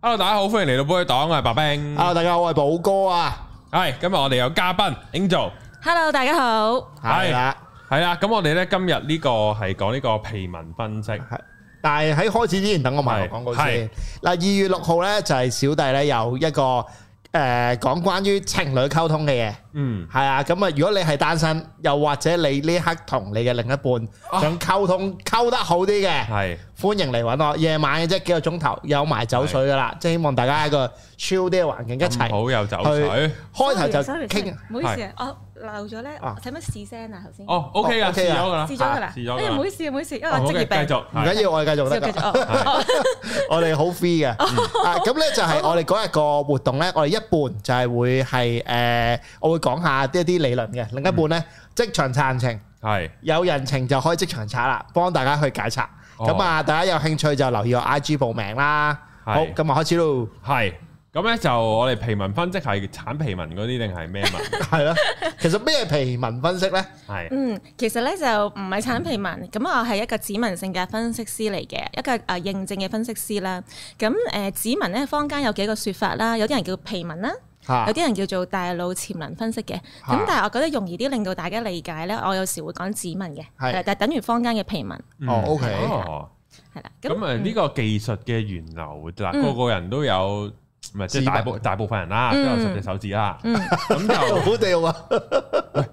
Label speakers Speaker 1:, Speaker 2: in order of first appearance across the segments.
Speaker 1: hello，大家好，歡迎嚟到寶藥黨，我係白兵。hello，大家好，我係寶哥啊。係，今日我哋有嘉賓 Angel。
Speaker 2: hello，大家好。
Speaker 1: 係，係啦，咁我哋咧今日呢個係講呢個皮紋分析。係，
Speaker 3: 但係喺開始之前，等我埋頭講過先。嗱，二月六號咧就係小弟咧有一個。誒，講、呃、關於情侶溝通嘅嘢，嗯，係啊，咁啊，如果你係單身，又或者你呢刻同你嘅另一半想溝通溝、啊、得好啲嘅，係是，歡迎嚟揾我，夜晚嘅啫，幾個鐘頭有埋酒水噶啦，是即係希望大家喺個 chill 啲嘅環境一齊，好有酒水，開頭就
Speaker 2: 傾，係。漏咗咧，使乜試聲啊？頭先哦，OK，OK 噶，試咗噶啦，試咗噶啦，唔好意思，唔好意思，因為
Speaker 3: 我職業病。好，繼續，唔緊要，我哋繼續得。繼續，我哋好 free 嘅。咁咧就係我哋嗰日個活動咧，我哋一半就係會係誒，我會講下一啲理論嘅，另一半咧職場殘情，係有人情就可以職場查啦，幫大家去解拆。咁啊，大家有興趣就留意我 IG 報名啦。好，咁啊開始咯。係。
Speaker 1: 咁咧就我哋皮紋分析係產皮紋嗰啲定係咩
Speaker 3: 紋？係咯，其實咩皮紋分析咧？係，
Speaker 2: 嗯，其實咧就唔係產皮紋，咁我係一個指紋性格分析師嚟嘅，一個誒認證嘅分析師啦。咁誒、呃、指紋咧，坊間有幾個說法啦，有啲人叫皮紋啦，有啲人叫做大腦潛能分析嘅。咁但係我覺得容易啲令到大家理解咧，我有時會講指紋嘅，是嗯、但係等於坊間嘅皮紋。哦，OK，係啦。
Speaker 1: 咁啊呢個技術嘅源流嗱，個個人都有。唔係即係大部貿大部分人啦，都有十隻手指啦，
Speaker 3: 咁、嗯嗯、就 好啲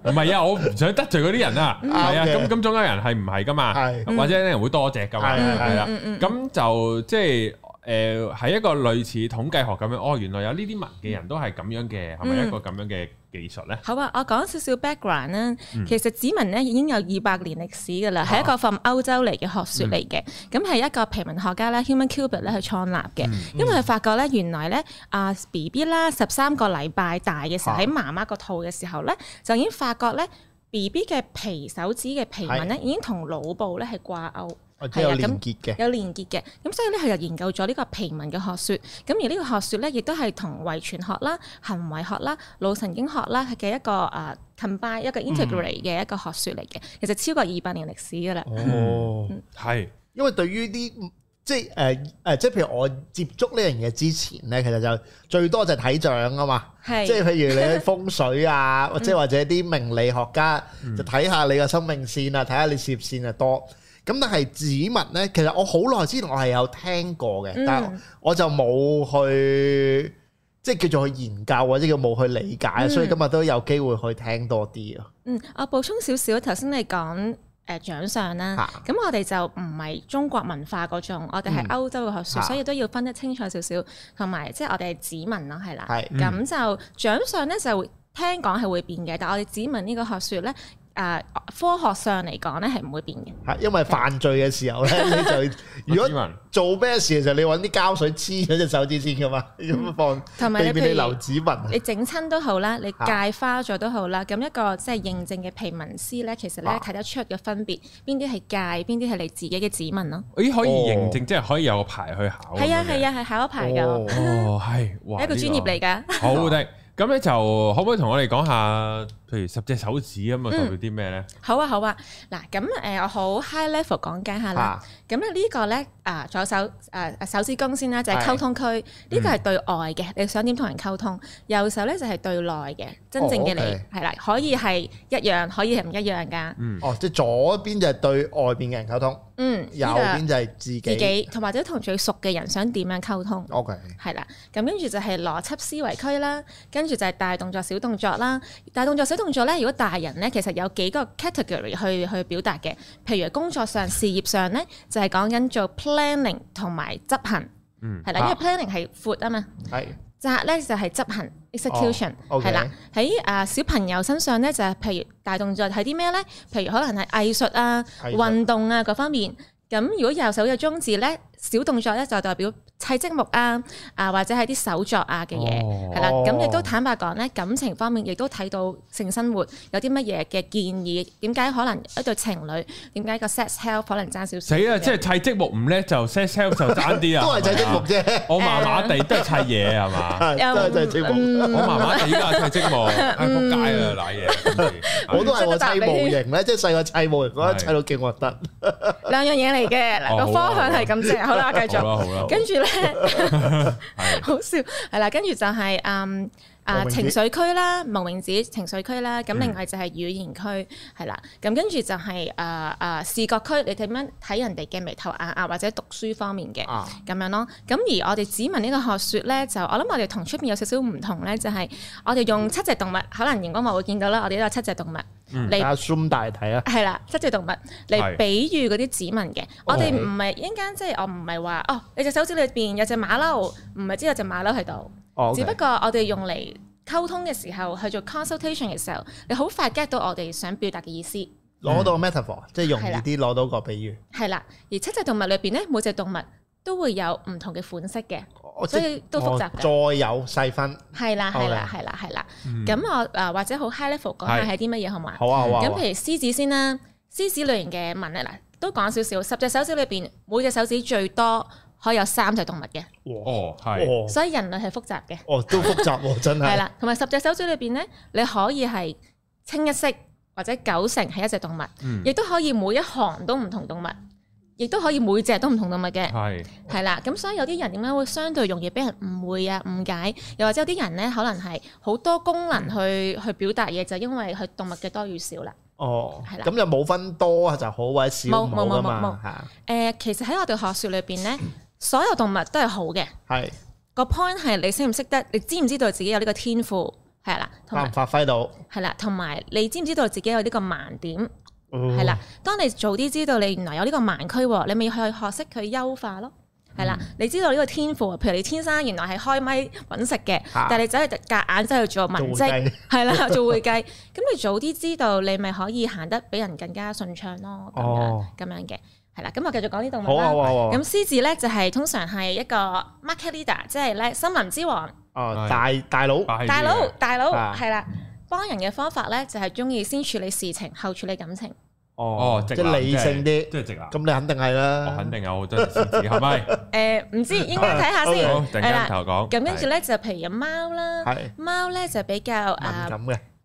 Speaker 3: 唔
Speaker 1: 係啊，我唔想得罪嗰啲人啊。係啊，咁、okay. 咁、啊、中間人係唔係噶嘛？係是，或者啲人會多隻噶嘛？係啊，咁、嗯嗯嗯、就即係。誒，係、呃、一個類似統計學咁樣，哦，原來有呢啲紋嘅人都係咁樣嘅，係咪、嗯、一個咁樣嘅技術咧？
Speaker 2: 好啊，我講少少 background 啦。嗯、其實指紋咧已經有二百年歷史㗎啦，係、啊、一個 from 歐洲嚟嘅學説嚟嘅。咁係、嗯、一個皮紋學家啦 Human Cuber 咧去創立嘅，嗯嗯、因為佢發覺咧原來咧啊 B B 啦十三個禮拜大嘅時候喺、啊、媽媽個肚嘅時候咧，就已經發覺咧 B B 嘅皮手指嘅皮紋咧已經同腦部咧係掛鈎。係有連結嘅，嗯，有連結嘅，咁所以咧佢就研究咗呢個平民嘅學說，咁而呢個學說咧，亦都係同遺傳學啦、行為學啦、腦神經學啦嘅一個誒 combine 一個 integrate 嘅一個學說嚟嘅，嗯、其實超過二百年歷史噶啦。哦，係，嗯、因為對於啲即係誒
Speaker 3: 誒，即係、呃、譬如我接觸呢樣嘢之前咧，其實就最多就睇掌啊嘛，即係是譬如你啲風水啊，嗯、或者或者啲命理學家、嗯、就睇下你嘅生命線啊，睇下你事業線又多。咁但係指紋咧，其實我好耐之前我係有聽過嘅，嗯、但係我就冇去即係、就是、叫做去研究或者叫冇去理解，嗯、所以今日都有機會去聽多啲咯。嗯，
Speaker 2: 我補充少少，頭先你講誒掌相啦，咁、啊、我哋就唔係中國文化嗰種，啊、我哋係歐洲嘅學說，啊、所以都要分得清楚少少，同埋即係我哋係指紋咯，係啦，咁、嗯、就掌相咧就聽講係會變嘅，但係我哋指紋呢個學說咧。誒科學上嚟講咧，係唔會變嘅。
Speaker 3: 係因為犯罪嘅時候咧， 你就如果做咩事嘅時候，你揾啲膠水黐咗隻手指先㗎嘛，咁放。同埋、嗯、你譬如 你
Speaker 2: 整親都好啦，你界花咗都好啦。咁、啊、一個即係、就是、認證嘅皮紋師咧，其實咧睇、啊、得出嘅分別，邊啲係界，邊啲係你自己嘅指紋咯。咦、欸？可以認證、
Speaker 1: 哦、即係可以有個牌去考？係啊係
Speaker 2: 啊係考個牌㗎。哦，
Speaker 1: 係一個專業嚟㗎、嗯。好的。好的。咁咧就可唔可以同我哋講下，譬如十隻手指咁啊代表啲咩咧？
Speaker 2: 好啊好啊，嗱咁、誒，我好 high level 講解下啦。咁咧、啊、呢個咧啊、左手誒、呃、手指公先啦，就係、是、溝通區，呢個係對外嘅，嗯、你想點同人溝通？右手咧就係對內嘅，真正嘅你係啦，可以係一樣，可以係唔一樣噶。嗯。
Speaker 3: 哦，即係左邊就係對外邊嘅人溝通。
Speaker 2: 嗯，有邊就
Speaker 3: 係自己，自己
Speaker 2: 同或者同最熟嘅人想點樣溝通。OK，係啦。咁跟住就係邏輯思維區啦，跟住就係大動作、小動作啦。大動作、小動作咧，如果大人咧，其實有幾個 category 去去表達嘅。譬如工作上、 事業上咧，就係講緊做 planning 同埋執行。嗯，係啦，因為 planning 係闊啊嘛。係。扎就係執行 execution，係啦，oh, okay。喺小朋友身上咧，就係、是、譬如大動作係啲咩呢？譬如可能係藝術啊、 運動啊 各方面。咁如果右手嘅中指呢？小動作咧就代表砌積木啊，啊或者係啲手作啊嘅嘢，係啦。咁亦都坦白講咧，感情方面亦都睇到性生活有啲乜嘢嘅建議。點解可能一對情侶點解個 sex health 可能爭少少？死啊！即係
Speaker 1: 砌積木唔叻就 sex health 就爭啲啊！都係砌積木啫，我麻麻地都係砌嘢係嘛？
Speaker 2: 都係砌積木，我麻麻地㗎砌積
Speaker 1: 木，撲街啦嗱嘢！
Speaker 3: 我都係砌模型咧，即係細個砌模型嗰個砌到勁核突。
Speaker 2: 兩樣嘢嚟嘅，個方向係咁啫。啦，繼續，跟住咧，好笑，係啦，跟住就係、是、嗯。Um,
Speaker 3: 啊、呃、情緒區
Speaker 2: 啦，無名指情緒區啦，咁另外就係語言區，係啦、嗯，咁跟住就係誒誒視覺區，你點樣睇人哋嘅眉頭眼額或者讀書方面嘅咁、啊、樣咯。咁而我哋指紋呢個學説咧，就我諗我哋同出面有少少唔同咧，就係、是、我哋用七隻動物，嗯、可能螢光幕會見到啦，我哋都有七隻動物嚟、
Speaker 3: 嗯、你大睇啊，係
Speaker 2: 啦，七隻動物嚟比喻嗰啲指紋嘅。的我哋唔係一間，即係我唔係話哦，你隻手指裏邊有隻馬騮，唔係只有隻馬騮喺度。Oh, okay. 只不過我哋用嚟溝通嘅時候去做 consultation 嘅時候，你好快 get 到我哋想表達嘅意思。攞到
Speaker 3: 個 metaphor、嗯、即係容易啲攞到個比喻。
Speaker 2: 係啦，而七隻動物裏邊咧，每隻動物都會有唔同嘅款式嘅，oh, 所以都複雜、哦。再
Speaker 3: 有細分。
Speaker 2: 係啦，係啦，係啦係啦，咁我誒或者好 high level 講下係啲乜嘢好嘛？好啊好啊。咁、啊、譬如獅子先啦，獅子類型嘅紋咧，嗱都講少少，十、啊、隻手指裏邊每隻手指最多，可以有三隻動物嘅，
Speaker 3: 哦，係，所
Speaker 2: 以人類係複雜嘅，哦，都複
Speaker 3: 雜喎、哦，真係，係啦，
Speaker 2: 同埋十隻手指裏邊咧，你可以係清一色或者九成係一隻動物，亦都、嗯、可以每一行都唔同動物，亦都可以每隻都唔同動物嘅，係、嗯，係啦，咁所以有啲人點解會相對容易俾人誤會啊誤解，又或者有啲人咧可能係好多功能去去表達嘢，嗯、就因為佢動物嘅多與少啦，
Speaker 3: 哦，係啦了，咁就冇分多啊就好或者少唔好噶嘛，冇冇冇冇，係、
Speaker 2: 嗯嗯、其實喺我哋學術裏邊咧。 所有動物都係好嘅，
Speaker 3: 係是
Speaker 2: 個 point 係你識唔識得，你知唔知道自己有呢個天賦係啦，同埋發揮到係啦，同埋你知唔知道自己有呢個盲點係啦、哦。當你早啲知道你原來有呢個盲區，你咪去學識去優化咯。係啦，你知道呢個天賦啊，譬如你天生原來係開咪揾食嘅，啊、但係你走去夾硬走去做文職係啦， 做會計，咁你早啲知道你咪可以行得比人更加順暢咯，咁樣咁樣嘅。哦。係啦，咁我繼續講呢動物啦。咁獅子咧就係通常係一個 market leader，即係咧森林之王。
Speaker 3: 哦，大大佬。大佬，大佬係
Speaker 2: 啦，幫人嘅方法咧就係中意先處理事情後處理感情。
Speaker 3: 哦，即係理性啲，即係直啊！咁你肯定係啦。我肯定有好多獅子，係
Speaker 2: 咪？誒，唔知應該睇下先。好，突然間又講。咁跟住咧就譬如貓啦，貓咧就比較啊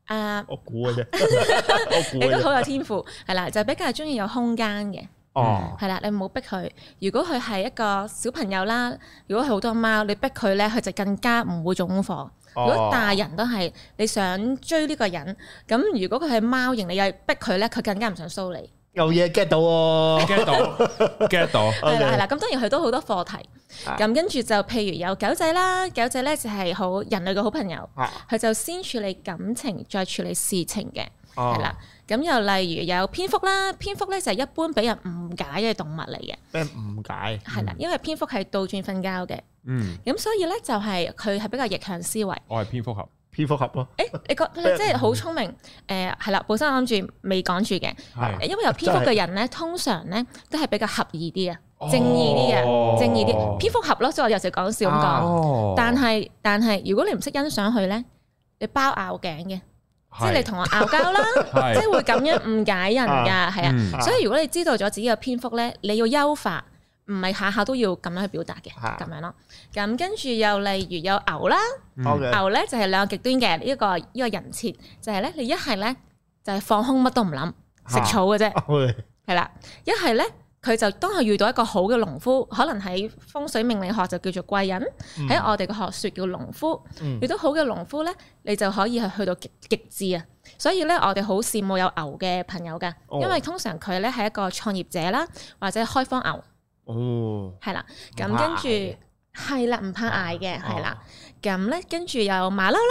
Speaker 2: 啊，我
Speaker 3: 估嘅啫。你都好有天
Speaker 2: 賦，係啦，就比較中意有空間嘅。哦係啦、oh，你唔好逼佢。如果佢係一個小朋友啦，如果佢好多貓，你逼佢咧，佢就更加唔會做功課。如果大人都係你想追呢個人，咁如果佢係貓型，你又逼佢咧，佢更加唔想 show 你。
Speaker 3: 有嘢 get 到
Speaker 2: ，get 到，get 到。係啦係啦，咁 Okay. 當然佢都好多課題。咁 Yeah. 跟住就譬如有狗仔啦，狗仔咧就係好人類嘅好朋友。佢 Yeah. 就先處理感情，再處理事情嘅，係啦 Yeah. Yeah.。咁又例如有蝙蝠啦，蝙蝠咧就係一般俾人誤解嘅動物嚟嘅。
Speaker 3: 俾人誤解係啦，
Speaker 2: 因為蝙蝠係倒轉瞓覺嘅。嗯，咁所以咧就係佢係比較逆向思維。
Speaker 1: 我係蝙蝠俠，蝙蝠俠
Speaker 2: 咯，啊。誒、欸，你覺即係好聰明誒，係、呃、啦，本身我諗住未講住嘅，係的，因為有蝙蝠嘅人咧，通常咧都係比較合意啲嘅，嗯，正義啲嘅，正義啲。蝙蝠俠咯，所以我有時講笑咁講，啊哦，但係但係如果你唔識欣賞佢咧，你包拗頸嘅。即係你同我拗交啦， 即係會咁樣誤解人噶，係啊。所以如果你知道咗自己嘅篇幅咧，你要優化，唔係下下都要咁樣去表達嘅，咁、啊、樣咯。咁跟住又例如有牛啦，嗯嗯、牛咧就係兩個極端嘅呢一個呢個人設，就係、是、咧你一係咧就係放空乜都唔諗，食、啊、草嘅啫，係啦、啊，一係咧。佢就當係遇到一個好嘅農夫，可能喺風水命理學就叫做貴人，喺、嗯、我哋嘅學説叫農夫。嗯、遇到好嘅農夫咧，你就可以去去到極極致啊！所以咧，我哋好羨慕有牛嘅朋友㗎，因為通常佢咧係一個創業者啦，或者開荒牛。哦，係啦，咁跟住。係啦，唔怕嗌嘅，係啦。咁咧，跟住又馬騮啦，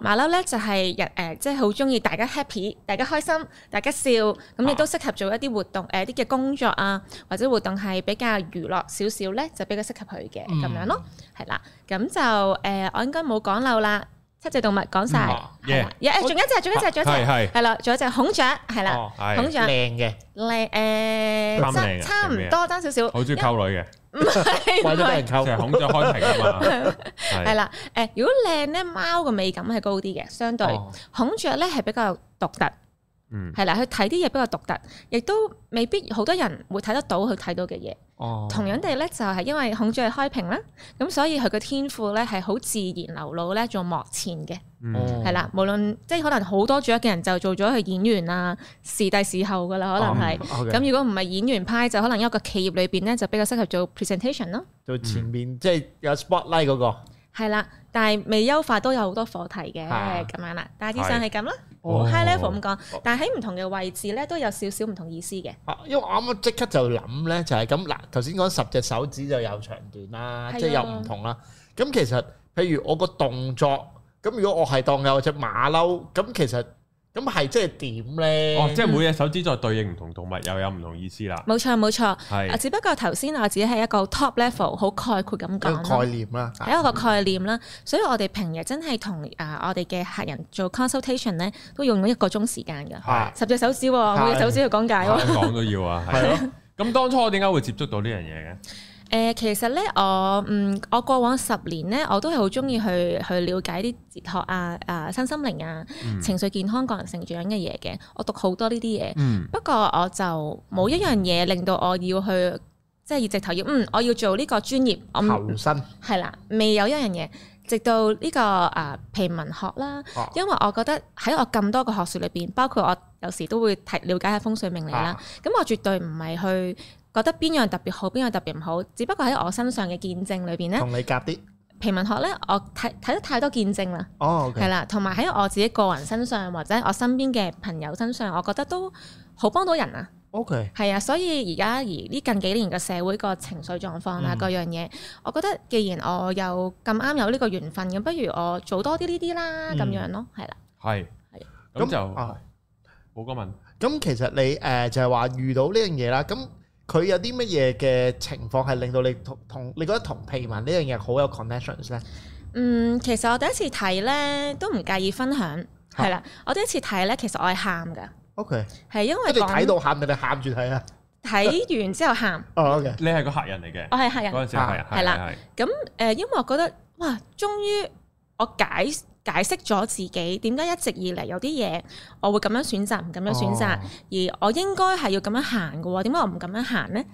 Speaker 2: 馬騮咧就係日誒，即係好中意大家 happy，大家開心，大家笑。咁亦都適合做一啲活動，誒啲嘅工作啊，或者活動係比較娛樂少少咧，就比較適合佢嘅咁樣咯。係啦，咁就誒，我應該冇講漏啦。七隻動物講晒，誒，仲有一隻，仲有一隻，仲有一隻，係啦，仲有一隻孔雀，係啦，孔雀靚嘅，靚誒，差唔多，差少少，好中意溝女嘅。唔係， 為咗俾人
Speaker 1: 溝，其實孔雀
Speaker 2: 開屏啊嘛，係啦，誒，如果靚咧，貓嘅美感係高啲嘅，相對、哦、孔雀咧係比較有獨特，嗯，係啦，佢睇啲嘢比較獨特，亦都未必好多人會睇得到佢睇到嘅嘢。同樣地咧，就係因為孔雀係開屏啦，咁所以佢個天賦咧係好自然流露咧，做幕前嘅，係啦、嗯，無論即係可能好多主要嘅人就做咗佢演員啊，時第時後噶啦，可能係咁。嗯 okay。如果唔係演員派，就可能一個企業裏邊咧就比較適合做 presentation 咯，
Speaker 3: 做前面、嗯、即係有 spotlight 嗰、那個。
Speaker 2: 係啦，但係未優化都有好多課題嘅咁樣啦。大致上係咁啦，high level 咁講，哦、但係喺唔同嘅位置咧都有少少唔同意思嘅、啊。因為我啱
Speaker 3: 啱即刻就諗咧，就係咁嗱，頭先講十隻手指就有長段啦，即係有唔同啦。咁其實譬如我個動作，咁如果我係當有隻馬騮，咁其實。咁係即係點咧？
Speaker 1: 哦，即係每隻手指再對應唔同動物，又、嗯、有唔同意思啦。
Speaker 2: 冇錯，冇錯。係啊是，只不過頭先我只係一個 top level，好概括咁講。一個概
Speaker 3: 念啦，係一個
Speaker 2: 概念啦、啊。念嗯、所以我哋平日真係同誒我哋嘅客人做 consultation 咧，都用咗一個鐘時間嘅，十、啊、隻手指，每隻手指去講解、啊 啊。講都
Speaker 1: 要啊，係咯、 啊。咁當初點解會接觸到呢樣嘢嘅？
Speaker 2: 誒、呃、其實咧，我嗯，我過往十年咧，我都係好中意去去了解啲哲學啊、啊身心靈啊、嗯、情緒健康、個人成長嘅嘢嘅。我讀好多呢啲嘢，嗯、不過我就冇一樣嘢令到我要去即係熱情投入。嗯，我要做呢個專業，身我投身係啦，未有一樣嘢。直到呢、這個啊，皮紋學啦，啊、因為我覺得喺我咁多個學術裏邊，包括我有時都會睇了解下風水命理啦。咁、啊啊、我絕對唔係去。覺得邊樣特別好，邊樣特別唔好，只不過喺我身上嘅見證裏邊呢。同你夾啲。皮紋學呢，我睇睇得太多見證啦。哦，係啦，同埋喺我自己個人身上，或者我身邊嘅朋友身上，我覺得都好幫到人啊。OK，係啊，所以而家而呢近幾年嘅社會個情緒狀況啊，嗰樣嘢，我覺得既然我有咁啱有呢個緣分，咁不如我做多啲呢啲啦，咁樣咯，係啦。係
Speaker 3: 係，咁就冇個問。咁其實你誒就係話遇到呢樣嘢啦，咁。佢有啲乜嘢嘅情況係令到你同同你覺得同皮紋呢樣嘢好有 connections 咧？嗯，
Speaker 2: 其實我第一次睇咧都唔介意分享，係啦、啊，我第一次睇咧其實我係喊㗎。O K。係因為睇到
Speaker 3: 喊咪就喊住睇啊！
Speaker 2: 睇完之後喊。
Speaker 3: 哦，okay，你係個客人嚟嘅。我係客人嗰陣時係。係啦、啊。
Speaker 2: 咁誒，因為我覺得哇，終於我解。解釋咗自己點解一直以嚟有啲嘢我會咁樣選擇唔咁樣選擇，選擇哦、而我應該係要咁樣行嘅喎，點解我唔咁樣行呢？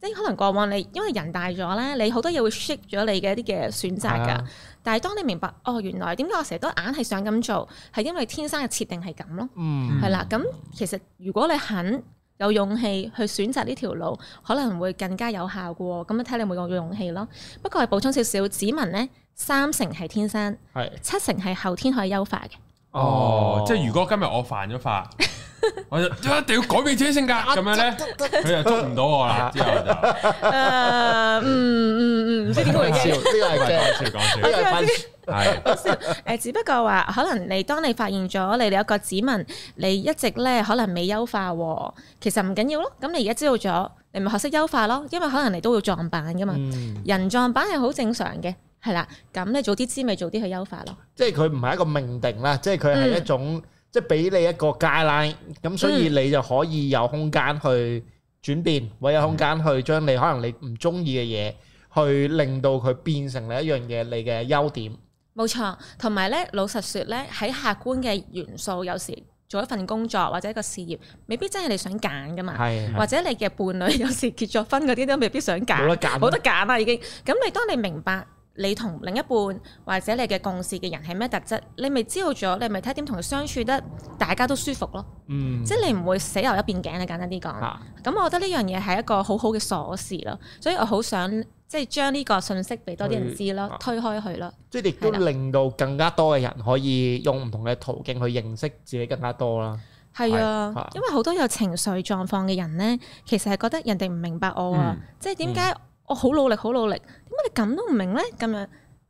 Speaker 2: 即係可能過往你因為人大咗咧，你好多嘢會 shift 咗你嘅一啲嘅選擇㗎。啊、但係當你明白哦，原來點解我成日都硬係想咁做，係因為天生嘅設定係咁咯。係、嗯、啦，咁其實如果你肯有勇氣去選擇呢條路，可能會更加有效嘅喎。咁啊睇你有冇勇氣咯。不過係補充少少，指紋呢，三成係天生，係七成係後天可以優化嘅。
Speaker 1: 哦，即係如果今日我犯咗法，我就一定要改變自己性格，咁樣咧，佢就捉唔到我啦。之後
Speaker 2: 就誒，嗯嗯嗯，呢啲係講笑，呢啲係講笑，
Speaker 1: 講笑，呢啲係講
Speaker 2: 笑。誒，只不過話可能你當你發現咗你有一個指紋，你一直咧可能未優化，其實唔緊要咯。咁你而家知道咗，你咪學識優化咯。因為可能你都會撞板噶嘛，人撞板係好正常嘅。係啦，咁你早啲知咪早啲去優化咯。
Speaker 3: 即係佢唔係一個命定啦，即係佢係一種，即係俾你一個 guideline 咁，所以你就可以有空間去轉變，或者有空間去將你可能你唔中意嘅嘢，去令到佢變成你一樣嘢，你嘅優點。
Speaker 2: 冇錯，同埋咧，老實說咧，喺客觀嘅元素，有時做一份工作或者一個事業，未必真係你想揀噶嘛。係。或者你嘅伴侶有時結咗婚嗰啲都未必想揀。冇得揀。冇得揀啦，已經。咁你當你明白。你同另一半或者你嘅共事嘅人係咩特質，你咪知道咗，你咪睇點同佢相處得大家都舒服咯。嗯，即係你唔會死牛一邊頸。你簡單啲講，咁、啊、我覺得呢樣嘢係一個好好嘅鎖匙咯，所以我好想即係將呢個信息俾多啲人知咯，啊、推開佢咯。
Speaker 3: 即係亦都令到更加多嘅人可以用唔同嘅途徑去認識自己更加多啦。係啊，啊因
Speaker 2: 為好多有情緒狀況嘅人呢，其實係覺得人哋唔明白我啊，嗯嗯、即係點解？我好、哦、努力，好努力，點解你咁都唔明呢？咁樣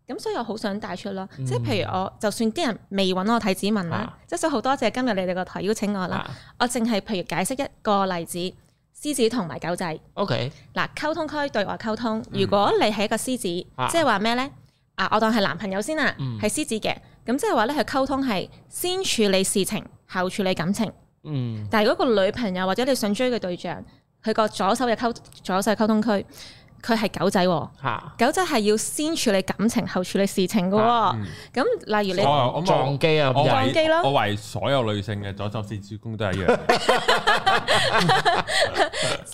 Speaker 2: 咁，所以我好想帶出啦。嗯、即係譬如我，就算啲人未揾我睇指紋啦，啊、即係好多謝今日你哋個台邀請我啦。啊、我淨係譬如解釋一個例子：獅子同埋狗仔。O K，嗱，溝通區，對外溝通。如果你係一個獅子，啊、即係話咩呢？啊，我當係男朋友先啦、啊，係、嗯、獅子嘅。咁即係話呢，佢溝通係先處理事情，後處理感情。嗯。但係如果個女朋友或者你想追嘅對象，佢個左手嘅溝左手嘅溝通區。佢係狗仔，狗仔係要先處理感情，後處理事情嘅。咁例如你撞機啊，撞機啦！
Speaker 1: 我為所有女性嘅左手線主公都係一樣。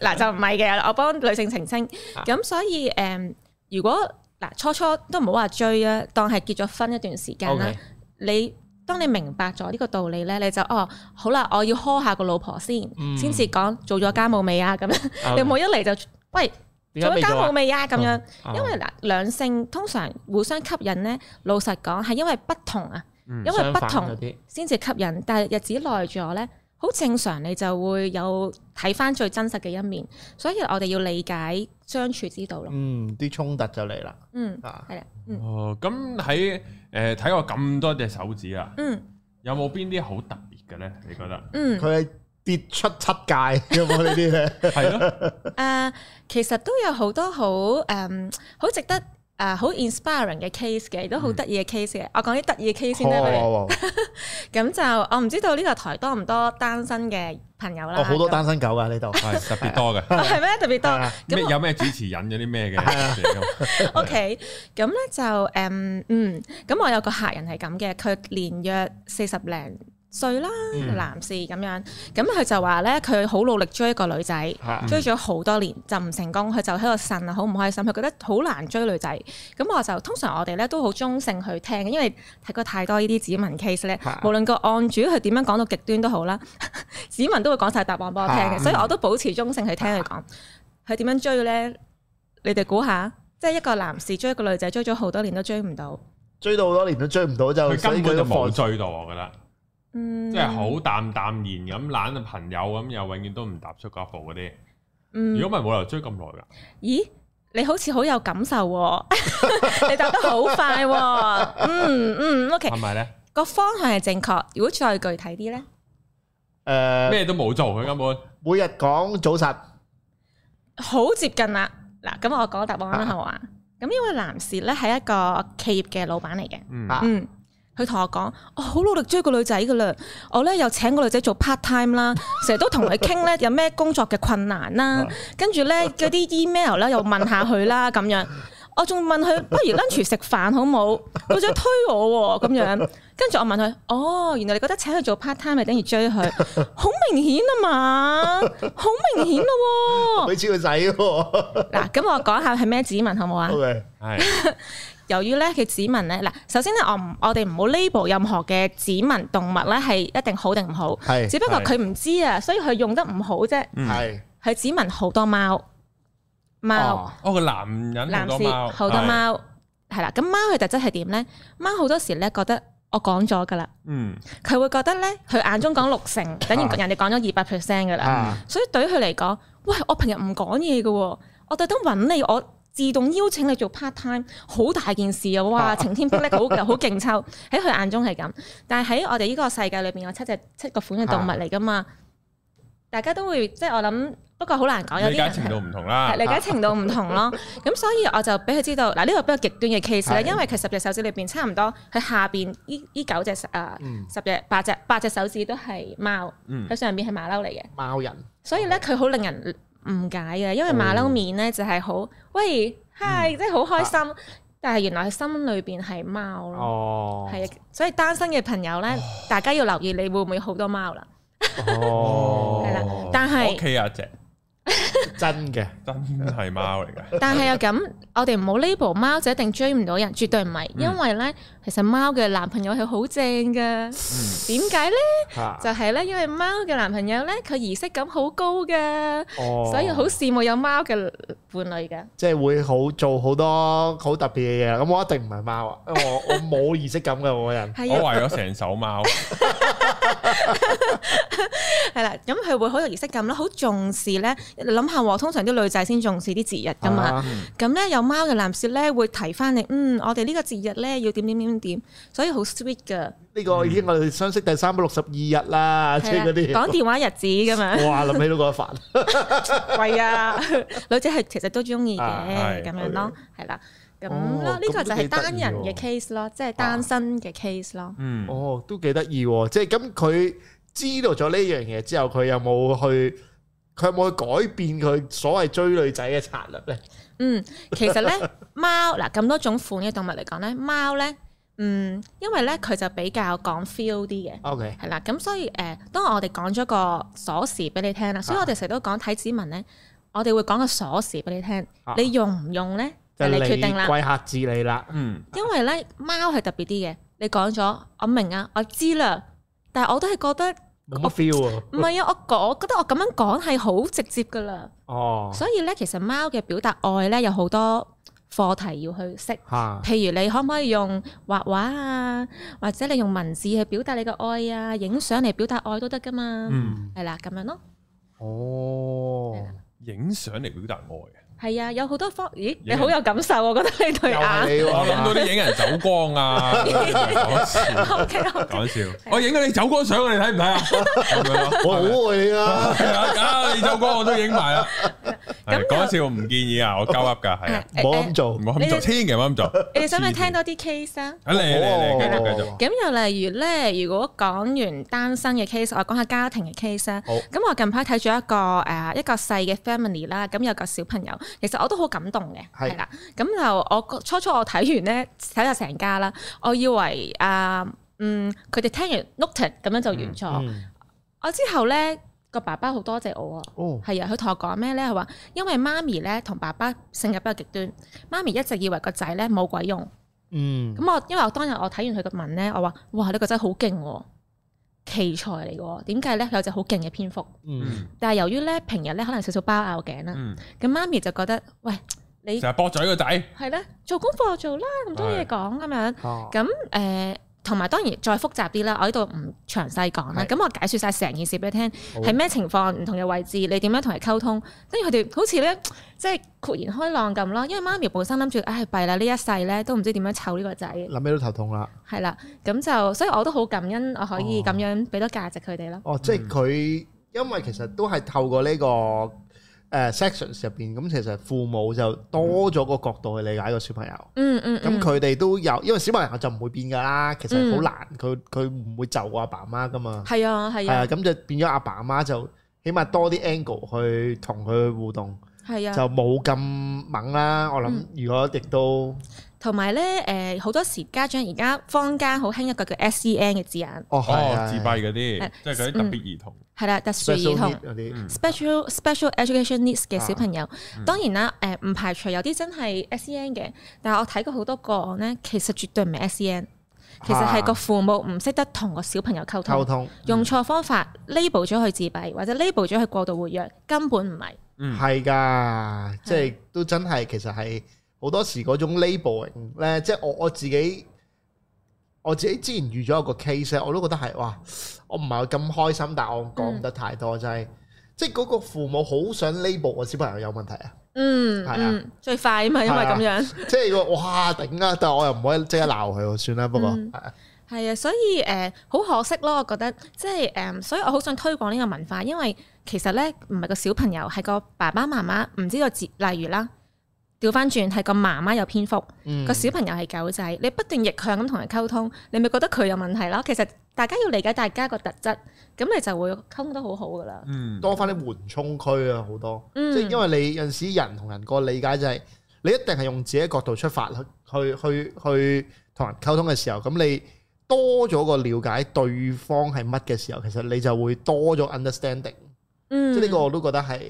Speaker 2: 嗱，就唔係嘅，我幫女性澄清。咁所以，誒，如果嗱初初都唔好話追啊，當係結咗婚一段時間啦。你當你明白咗呢個道理咧，你就哦好啦，我要呵下個老婆先，先至講做咗家務未啊？咁樣你冇一嚟就喂。做，做家務未啊？咁、啊、樣，因為男兩性通常互相吸引咧，老實講係因為不同啊，嗯、因為不同先至吸引。但係日子耐咗咧，好正常，你就會有睇翻最真實嘅一面。所以我哋要理解相處之道咯、嗯
Speaker 3: 嗯。嗯，啲衝突就嚟啦。呃、嗯，
Speaker 2: 係啦。哦，
Speaker 1: 咁喺誒睇過咁多隻手指啊？
Speaker 2: 嗯，
Speaker 1: 有冇邊啲好特別嘅咧？你覺得？嗯，
Speaker 3: 佢。跌出七界有冇呢啲咧，係咯。
Speaker 2: 誒，其實都有好多好誒，好值得誒，好 inspiring 嘅 case 嘅，亦都好得意嘅 case 嘅。我講啲得意嘅 case 先啦。咁就我唔知道呢個台多唔多單身嘅朋友啦。好多單
Speaker 3: 身狗啊！呢度係特別多嘅。
Speaker 2: 係咩？特別多。咁
Speaker 1: 有咩主持人？有啲咩嘅
Speaker 2: ？OK，咁咧就誒嗯，咁我有個客人係咁嘅，佢年約四十零歲啦，男士咁樣，咁佢、嗯、就話咧，佢好努力追一個女仔，嗯、追咗好多年就唔成功，佢就喺度呻啊好唔開心，佢覺得好難追女仔。咁我就通常我哋咧都好中性去聽，因為睇過太多呢啲指紋 case 咧，嗯，無論個案主佢點樣講到極端都好啦，指紋都會講晒答案俾我聽嘅，嗯、所以我都保持中性去聽佢講，佢點、嗯嗯、樣追咧？你哋估下，即、就、係、是、一個男士追一個女仔，追咗好多年都追唔到，
Speaker 3: 追到好多年都追唔到就根本都冇追到，我覺得。
Speaker 2: 嗯，即係好
Speaker 1: 淡淡然咁，懶嘅朋友咁，又永遠都唔踏出一步嗰啲，
Speaker 2: 如果唔
Speaker 1: 係冇理由追咁耐噶。
Speaker 2: 咦，你好似好有感受，你答得好快，嗯嗯，OK，係咪咧？個方向係正確，如果再具體啲咧，
Speaker 3: 誒，咩都冇做，佢根本每日講早晨，
Speaker 2: 好接近啦。嗱，咁我講答案啦好啊。咁呢位男士咧係一個企業嘅老闆嚟嘅，嗯。佢同我講：我好努力追個女仔噶啦，我咧又請個女仔做 part time 啦，成日都同佢傾咧有咩工作嘅困難啦，跟住咧嗰啲 email 啦又問下佢啦咁樣，我仲問佢不如 lunch 食飯好冇？佢想推我咁樣，跟住我問佢：哦，原來你覺得請佢做 part time 係等於追佢， 好明顯啊嘛，好明顯咯，佢超仔。嗱，咁我講下係咩指紋好唔好啊 OK，係。由於咧佢指紋咧，嗱首先咧我唔我哋唔好 label 任何嘅指紋動物咧係一定好定唔好，是只不過佢唔知啊，是所以佢用得唔好啫。係佢是指紋好多貓貓，
Speaker 1: 哦個、哦、男人男士，好多貓
Speaker 2: 係啦。咁是是貓佢特質係點咧？貓好多時咧覺得我講咗噶啦，嗯是，佢會覺得咧佢眼中講六成，嗯、等於人哋講咗二百 percent 噶啦，嗯啊、所以對佢嚟講，喂我平日唔講嘢嘅喎，我特登揾你我。自動邀請你做 part time，好大件事啊！哇，晴天霹靂，好勁，好勁抽，喺佢眼中係咁。但係喺我哋呢個世界裏邊，有七隻七個款嘅動物嚟噶嘛？大家都會即係我諗，不過好難講。有啲人，理解程度唔同啦，理解程度唔同咯。咁 所以我就俾佢知道嗱，呢、呢個比較極端嘅 case 咧的，因為佢十隻手指裏邊差唔多，佢下邊呢依九隻十啊、嗯、十隻八隻八隻手指都係貓，佢、嗯、上邊係馬騮嚟嘅貓人。所以咧，佢好令人。唔解啊！因為馬騮面咧就係好喂 hi、嗯、即係好開心，啊、但係原來佢心裏邊係貓咯，係啊、哦，所以單身嘅朋友咧，唉大家要留意你會唔會好多貓啦，
Speaker 1: 係啦，但係。Okay, 真嘅，真係貓嚟噶。但係又咁，
Speaker 2: 我哋唔好 label 貓就一定追唔到人，絕對唔係。因為咧，其實貓嘅男朋友係好正噶。點解咧？就係咧，因為貓嘅男朋友咧，佢儀式感好高噶。哦。所以好羨慕有貓嘅伴侶噶。
Speaker 3: 即係會好做好多好特別嘅嘢。咁我一定唔係貓啊！我我冇儀式感噶我人。係啊。我為咗成手貓。
Speaker 2: 係啦，咁佢會好有儀式感咯，好重視咧。諗下喎，通常啲女仔先重視啲節日噶嘛，咁咧、啊、有貓嘅男士咧會提翻你，嗯，我哋呢個節日咧要點點點點，所以好 sweet 噶。呢個已
Speaker 3: 經我哋相識第三百六十二日啦，即係嗰啲講電話
Speaker 2: 日子咁樣。哇，諗起都覺得煩。係 啊，女仔係其實都中意嘅，咁、啊、樣咯，係啦，咁咯，呢個就係單人嘅 case 咯，即係、啊、單身嘅 case 咯、啊。嗯，
Speaker 3: 哦，都幾得意，即係咁佢知道咗呢樣嘢之後，佢有冇去？佢有冇去改變佢所謂追女仔嘅策略呢？嗯，
Speaker 2: 其實呢， 貓嗱咁多種款嘅動物嚟講呢，貓呢，嗯，因為呢，佢就比較講 feel 啲嘅，OK，係啦，咁所以誒、呃，當我哋講咗個鎖匙俾你聽啦，啊、所以我哋成日都講睇指紋呢，我哋會講個鎖匙俾你聽，啊、你用唔用呢？就、啊、你決定啦，貴
Speaker 3: 客自理啦，嗯。
Speaker 2: 因為呢，貓係特別啲嘅，你講咗，我明啊，我知啦，但係我都係覺得。
Speaker 3: 冇乜 feel 喎，唔
Speaker 2: 係啊，我講覺得我咁樣講係好直接噶啦，哦，所以咧其實貓嘅表達愛咧有好多課題要去識，譬如你可唔可以用畫畫啊，或者你用文字去表達你嘅愛啊，影相嚟表達愛都得噶嘛，嗯，係啦咁樣咯。
Speaker 1: 哦，影相嚟表達愛。
Speaker 2: 係啊，有好多方，咦，你好有感受，我覺得你對眼，我諗到啲
Speaker 1: 影人走光啊，講笑，講笑，我影咗你走光相，你睇唔睇啊？好會啊，啊，你走光我都影埋啊，係講笑，唔建議啊，我鳩噏噶，係唔好咁做，唔好咁做，千祈，唔好咁做，你哋想唔想聽
Speaker 2: 多啲 case 啊？啊，嚟嚟嚟，繼續。咁又例如咧，如果講完單身嘅 case，我講下家庭嘅 case 啊。好，咁我近排睇咗一個誒，一個細嘅 family 啦，咁有個小朋友。其實我都好感動嘅，係啦是。咁就我初初我睇完咧，睇下成家啦，我以為啊，嗯，佢哋聽完 Nooted 咁樣就完咗。嗯、我之後咧個爸爸好多謝我啊，係啊、哦，佢同我講咩咧？佢話因為媽咪咧同爸爸性格比較極端，媽咪一直以為個仔咧冇鬼用。嗯，咁我因為我當日我睇完佢個文咧，我話哇，呢個真係好勁、哦。奇才嚟嘅，點解咧有隻好勁嘅蝙蝠？嗯，但係由於咧平日咧可能少少包拗頸啦，咁、嗯、媽咪就覺得喂你，其
Speaker 1: 實駁嘴個仔，
Speaker 2: 係啦，做功課就做啦，咁多嘢講咁樣，咁誒、啊。同埋當然再複雜啲啦，我呢度唔詳細講啦。咁是我解説晒成件事俾你聽，係咩好情況、唔同嘅位置，你點樣同佢溝通，跟住佢哋好似咧，即係豁然開朗咁啦。因為媽咪本身諗住，唉，弊啦，呢一世咧都唔知點樣湊呢個仔，諗
Speaker 3: 咩都頭痛啦。
Speaker 2: 係啦，咁就所以我都好感恩我可以咁樣俾到、哦、價值佢哋咯。
Speaker 3: 哦，即係佢因為其實都係透過呢、呢個。誒、uh, sections 入邊，咁其實父母就多咗個角度去理解個小朋友，嗯。
Speaker 2: 嗯嗯。咁佢
Speaker 3: 哋都有，因為小朋友就唔會變㗎啦。嗯、其實好難，佢佢唔會遷就阿爸阿媽㗎嘛。係啊係
Speaker 2: 啊。咁、啊嗯嗯、
Speaker 3: 就變咗阿爸阿媽就起碼多啲 angle 去同佢互動。係啊。就冇咁猛啦。我諗如果亦都。嗯
Speaker 2: 同埋咧，誒好多時家長而家坊間好興一個叫 S.E.N. 嘅字眼，哦，自閉嗰啲，即係嗰啲特別兒童，係啦，特殊兒童嗰啲，special special education needs 嘅小朋友。當然啦，誒唔排除有啲真係 S.E.N. 嘅，但係我睇過好多個案咧，其實絕對唔係 S.E.N.，
Speaker 3: 其實係個父
Speaker 2: 母唔識得同個小朋友溝通溝通，用錯方法 label 咗佢自閉，或者 label 咗佢過度活躍，根本唔係。
Speaker 3: 係㗎，即係都真係其實係。好多時嗰種 labeling 咧，即係我我自己我自己之前遇咗一個 case 我都覺得係哇，我唔係咁開心，但係我講唔得太多，就係、嗯、即係嗰個父母好想 label 我小朋友有問題、嗯、啊。
Speaker 2: 嗯，係啊，最快啊嘛，因為咁樣，即
Speaker 3: 係我哇頂啊！但係我又唔可以即刻鬧佢，算啦。不過
Speaker 2: 係啊，係、嗯、啊，所以誒好、呃、可惜咯，我覺得即係誒、呃，所以我好想推廣呢個文化，因為其實咧唔係個小朋友，係個爸爸媽媽唔知道個字例如啦。調翻轉係個媽媽有蝙蝠，嗯、個小朋友係狗仔。你不斷逆向咁同人溝通，你咪覺得佢有問題囉。其實大家要理解大家個特質，咁你就會溝通得好好㗎喇。嗯，
Speaker 3: 多返啲緩衝區啊，好多。嗯、即係因為你有陣時人同人個理解就係、是，你一定係用自己角度出發去去去同人溝通嘅時候，咁你多咗個了解對方係乜嘅時候，其實你就會多咗 understanding、嗯。即係呢個我都覺得係。.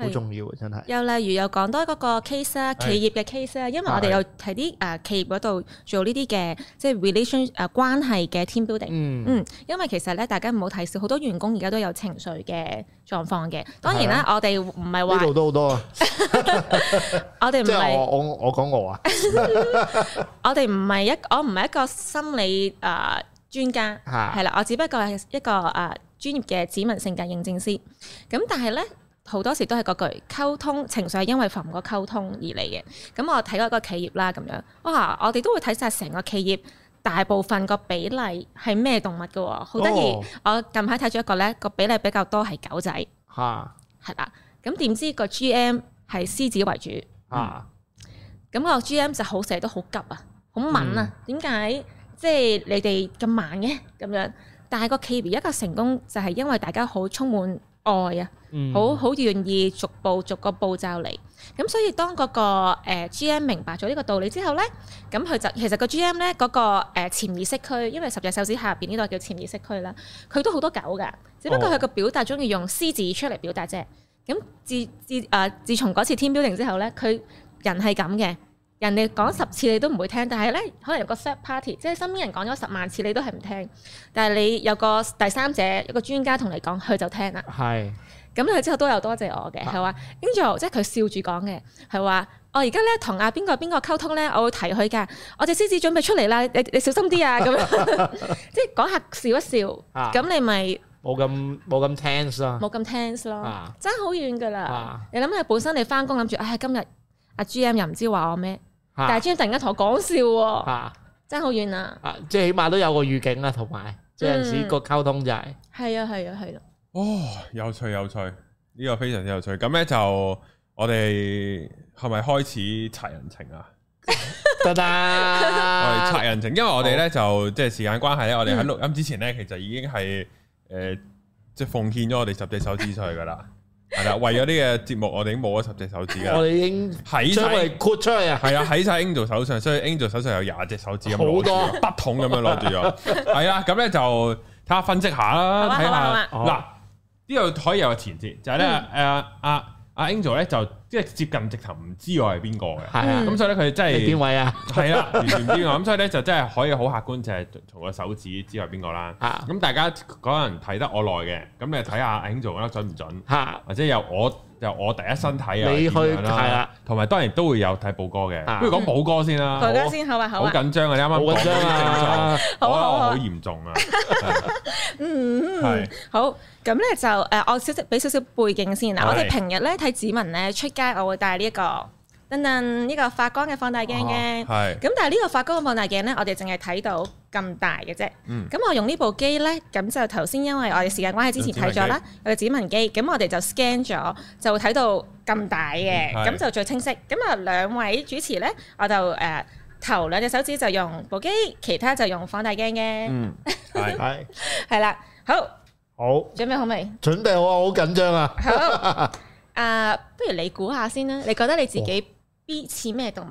Speaker 3: 好是重要嘅，真係。
Speaker 2: 又例如又講多嗰個 case 啦是、啊，企業嘅 case 啦，因為我哋有喺啲誒企業嗰度做呢啲嘅，即係 relation 誒關係嘅 team building。嗯，因為其實咧，大家唔好睇少，好多員工而家都有情緒嘅狀況嘅。當然啦，啊、我哋唔係話呢度都好多啊。 我哋唔係
Speaker 3: 我我我講我啊。
Speaker 2: 我哋唔係一我唔係一,一個心理誒、啊、專家，係啦、啊， 我只不過係一個誒專業嘅指紋性格認證師。咁但係咧。 好多時都係嗰句，溝通情緒，係因為冇個溝通而嚟嘅。咁我睇過一個企業啦，咁樣哇，我哋都會睇晒成個企業大部分個比例係咩動物㗎喎？好得意！哦、我近排睇咗一個咧，個比例比較多係狗仔
Speaker 3: 吓，
Speaker 2: 係啦、啊。咁點知個 GM 係獅子為主、
Speaker 3: 嗯、
Speaker 2: 啊？咁個 GM 就好成日都好急啊，好敏啊？點解、嗯？即係、就是、你哋咁慢嘅、啊、咁樣？但係個企業一個成功就係因為大家好充滿。愛啊，好好、哎、願意逐步逐個步驟嚟，咁所以當嗰、那個、呃、GM 明白咗呢個道理之後呢，咁佢就其實個 GM 呢嗰個誒潛意識區，因為十隻手指下邊呢個叫潛意識區啦，佢都好多狗㗎，只不過佢個表達中意用獅子出嚟表達啫。咁自自誒、呃、自從嗰次天 n g 之後呢，佢人係咁嘅。人哋講十次你都唔會聽，但係咧可能有個 third party，即係身邊人講咗十萬次你都係唔聽，但係你有個第三者一個專家同你講，佢就聽啦。
Speaker 3: 係對。
Speaker 2: 咁佢之後都有多謝，謝我嘅，係話， 就是哦、跟住即係佢笑住講嘅，係話我而家咧同阿邊個邊個溝通咧，我會提佢噶，我隻獅子準備出嚟啦，你你，你小心啲啊咁樣，即係講下笑一笑，咁、啊、你咪
Speaker 3: 冇咁冇咁 tense 咯，冇
Speaker 2: 咁 tense 咯，爭好遠噶啦。你諗下本身你翻工諗住，唉今日阿 GM 又唔知話我咩？大專，突然間同我講笑，爭好遠啦！啊，即
Speaker 3: 係、啊啊、起碼都有個預警啦，同埋，呢陣時個溝通
Speaker 1: 就
Speaker 2: 係、是、係、嗯、啊，係啊，係啊！
Speaker 1: 啊哦，有趣，有趣，呢、這個非常之有趣。咁咧就，我哋係咪開始拆人情啊？
Speaker 2: 得得，我哋
Speaker 3: 拆
Speaker 1: 人情，因為我哋咧就即係、哦、時間關係咧，我哋喺錄音之前咧，嗯、其實已經係誒，即、呃、係奉獻咗我哋十隻手指出去噶啦。 係啦，為咗呢個節目，我哋已經冇咗十隻手指㗎。 我哋已經
Speaker 3: 喺晒，
Speaker 1: 豁全出去來啊！係啊，喺晒 Angel 手上，所以 Angel 手上有廿隻手指咁攞住，筆筒咁樣攞住咗。係啊，咁咧就睇下分析下啦，睇下嗱，呢度可以有個前節，就係咧誒，阿阿 Angel 咧就。即係接近直頭唔知我係邊個嘅，係啊，咁所以咧佢真係邊位啊？係啦，完全唔知啊，咁所以咧就真係可以好客觀，就係從個手指知道係邊個啦。咁大家嗰陣人睇得我耐嘅，咁你睇下阿兄做得準唔準？啊，或者由我由我第一身睇啊，你去睇啦，係啦，同埋當然都會有睇寶哥嘅。不如講寶哥先啦，大家先
Speaker 2: 好啊，好緊張啊！你啱啱講好緊張啊，好啊，好嚴重啊。嗯，係好。咁咧就誒，我少少俾少少背景先嗱，我哋平日咧睇指紋咧出。我會帶呢一個噔噔呢個發光嘅放大鏡嘅，係咁但係呢個發光嘅放大鏡咧，我哋淨係睇到咁大嘅啫。咁我用呢部機咧，咁就頭先因為我哋時間關係之前睇咗啦，我哋指紋機，咁我哋就 scan 咗，就會睇到咁大嘅，咁就最清晰。咁啊兩位主持咧，我就誒頭兩隻手指就用部機，其他就用放大鏡嘅。嗯，
Speaker 3: 係
Speaker 2: 係，係啦，好好，準備好未？
Speaker 3: 準備好啊，好緊張啊。好。
Speaker 2: 啊，uh, 不如你估下先啦，你覺得你自己 b 似咩動物？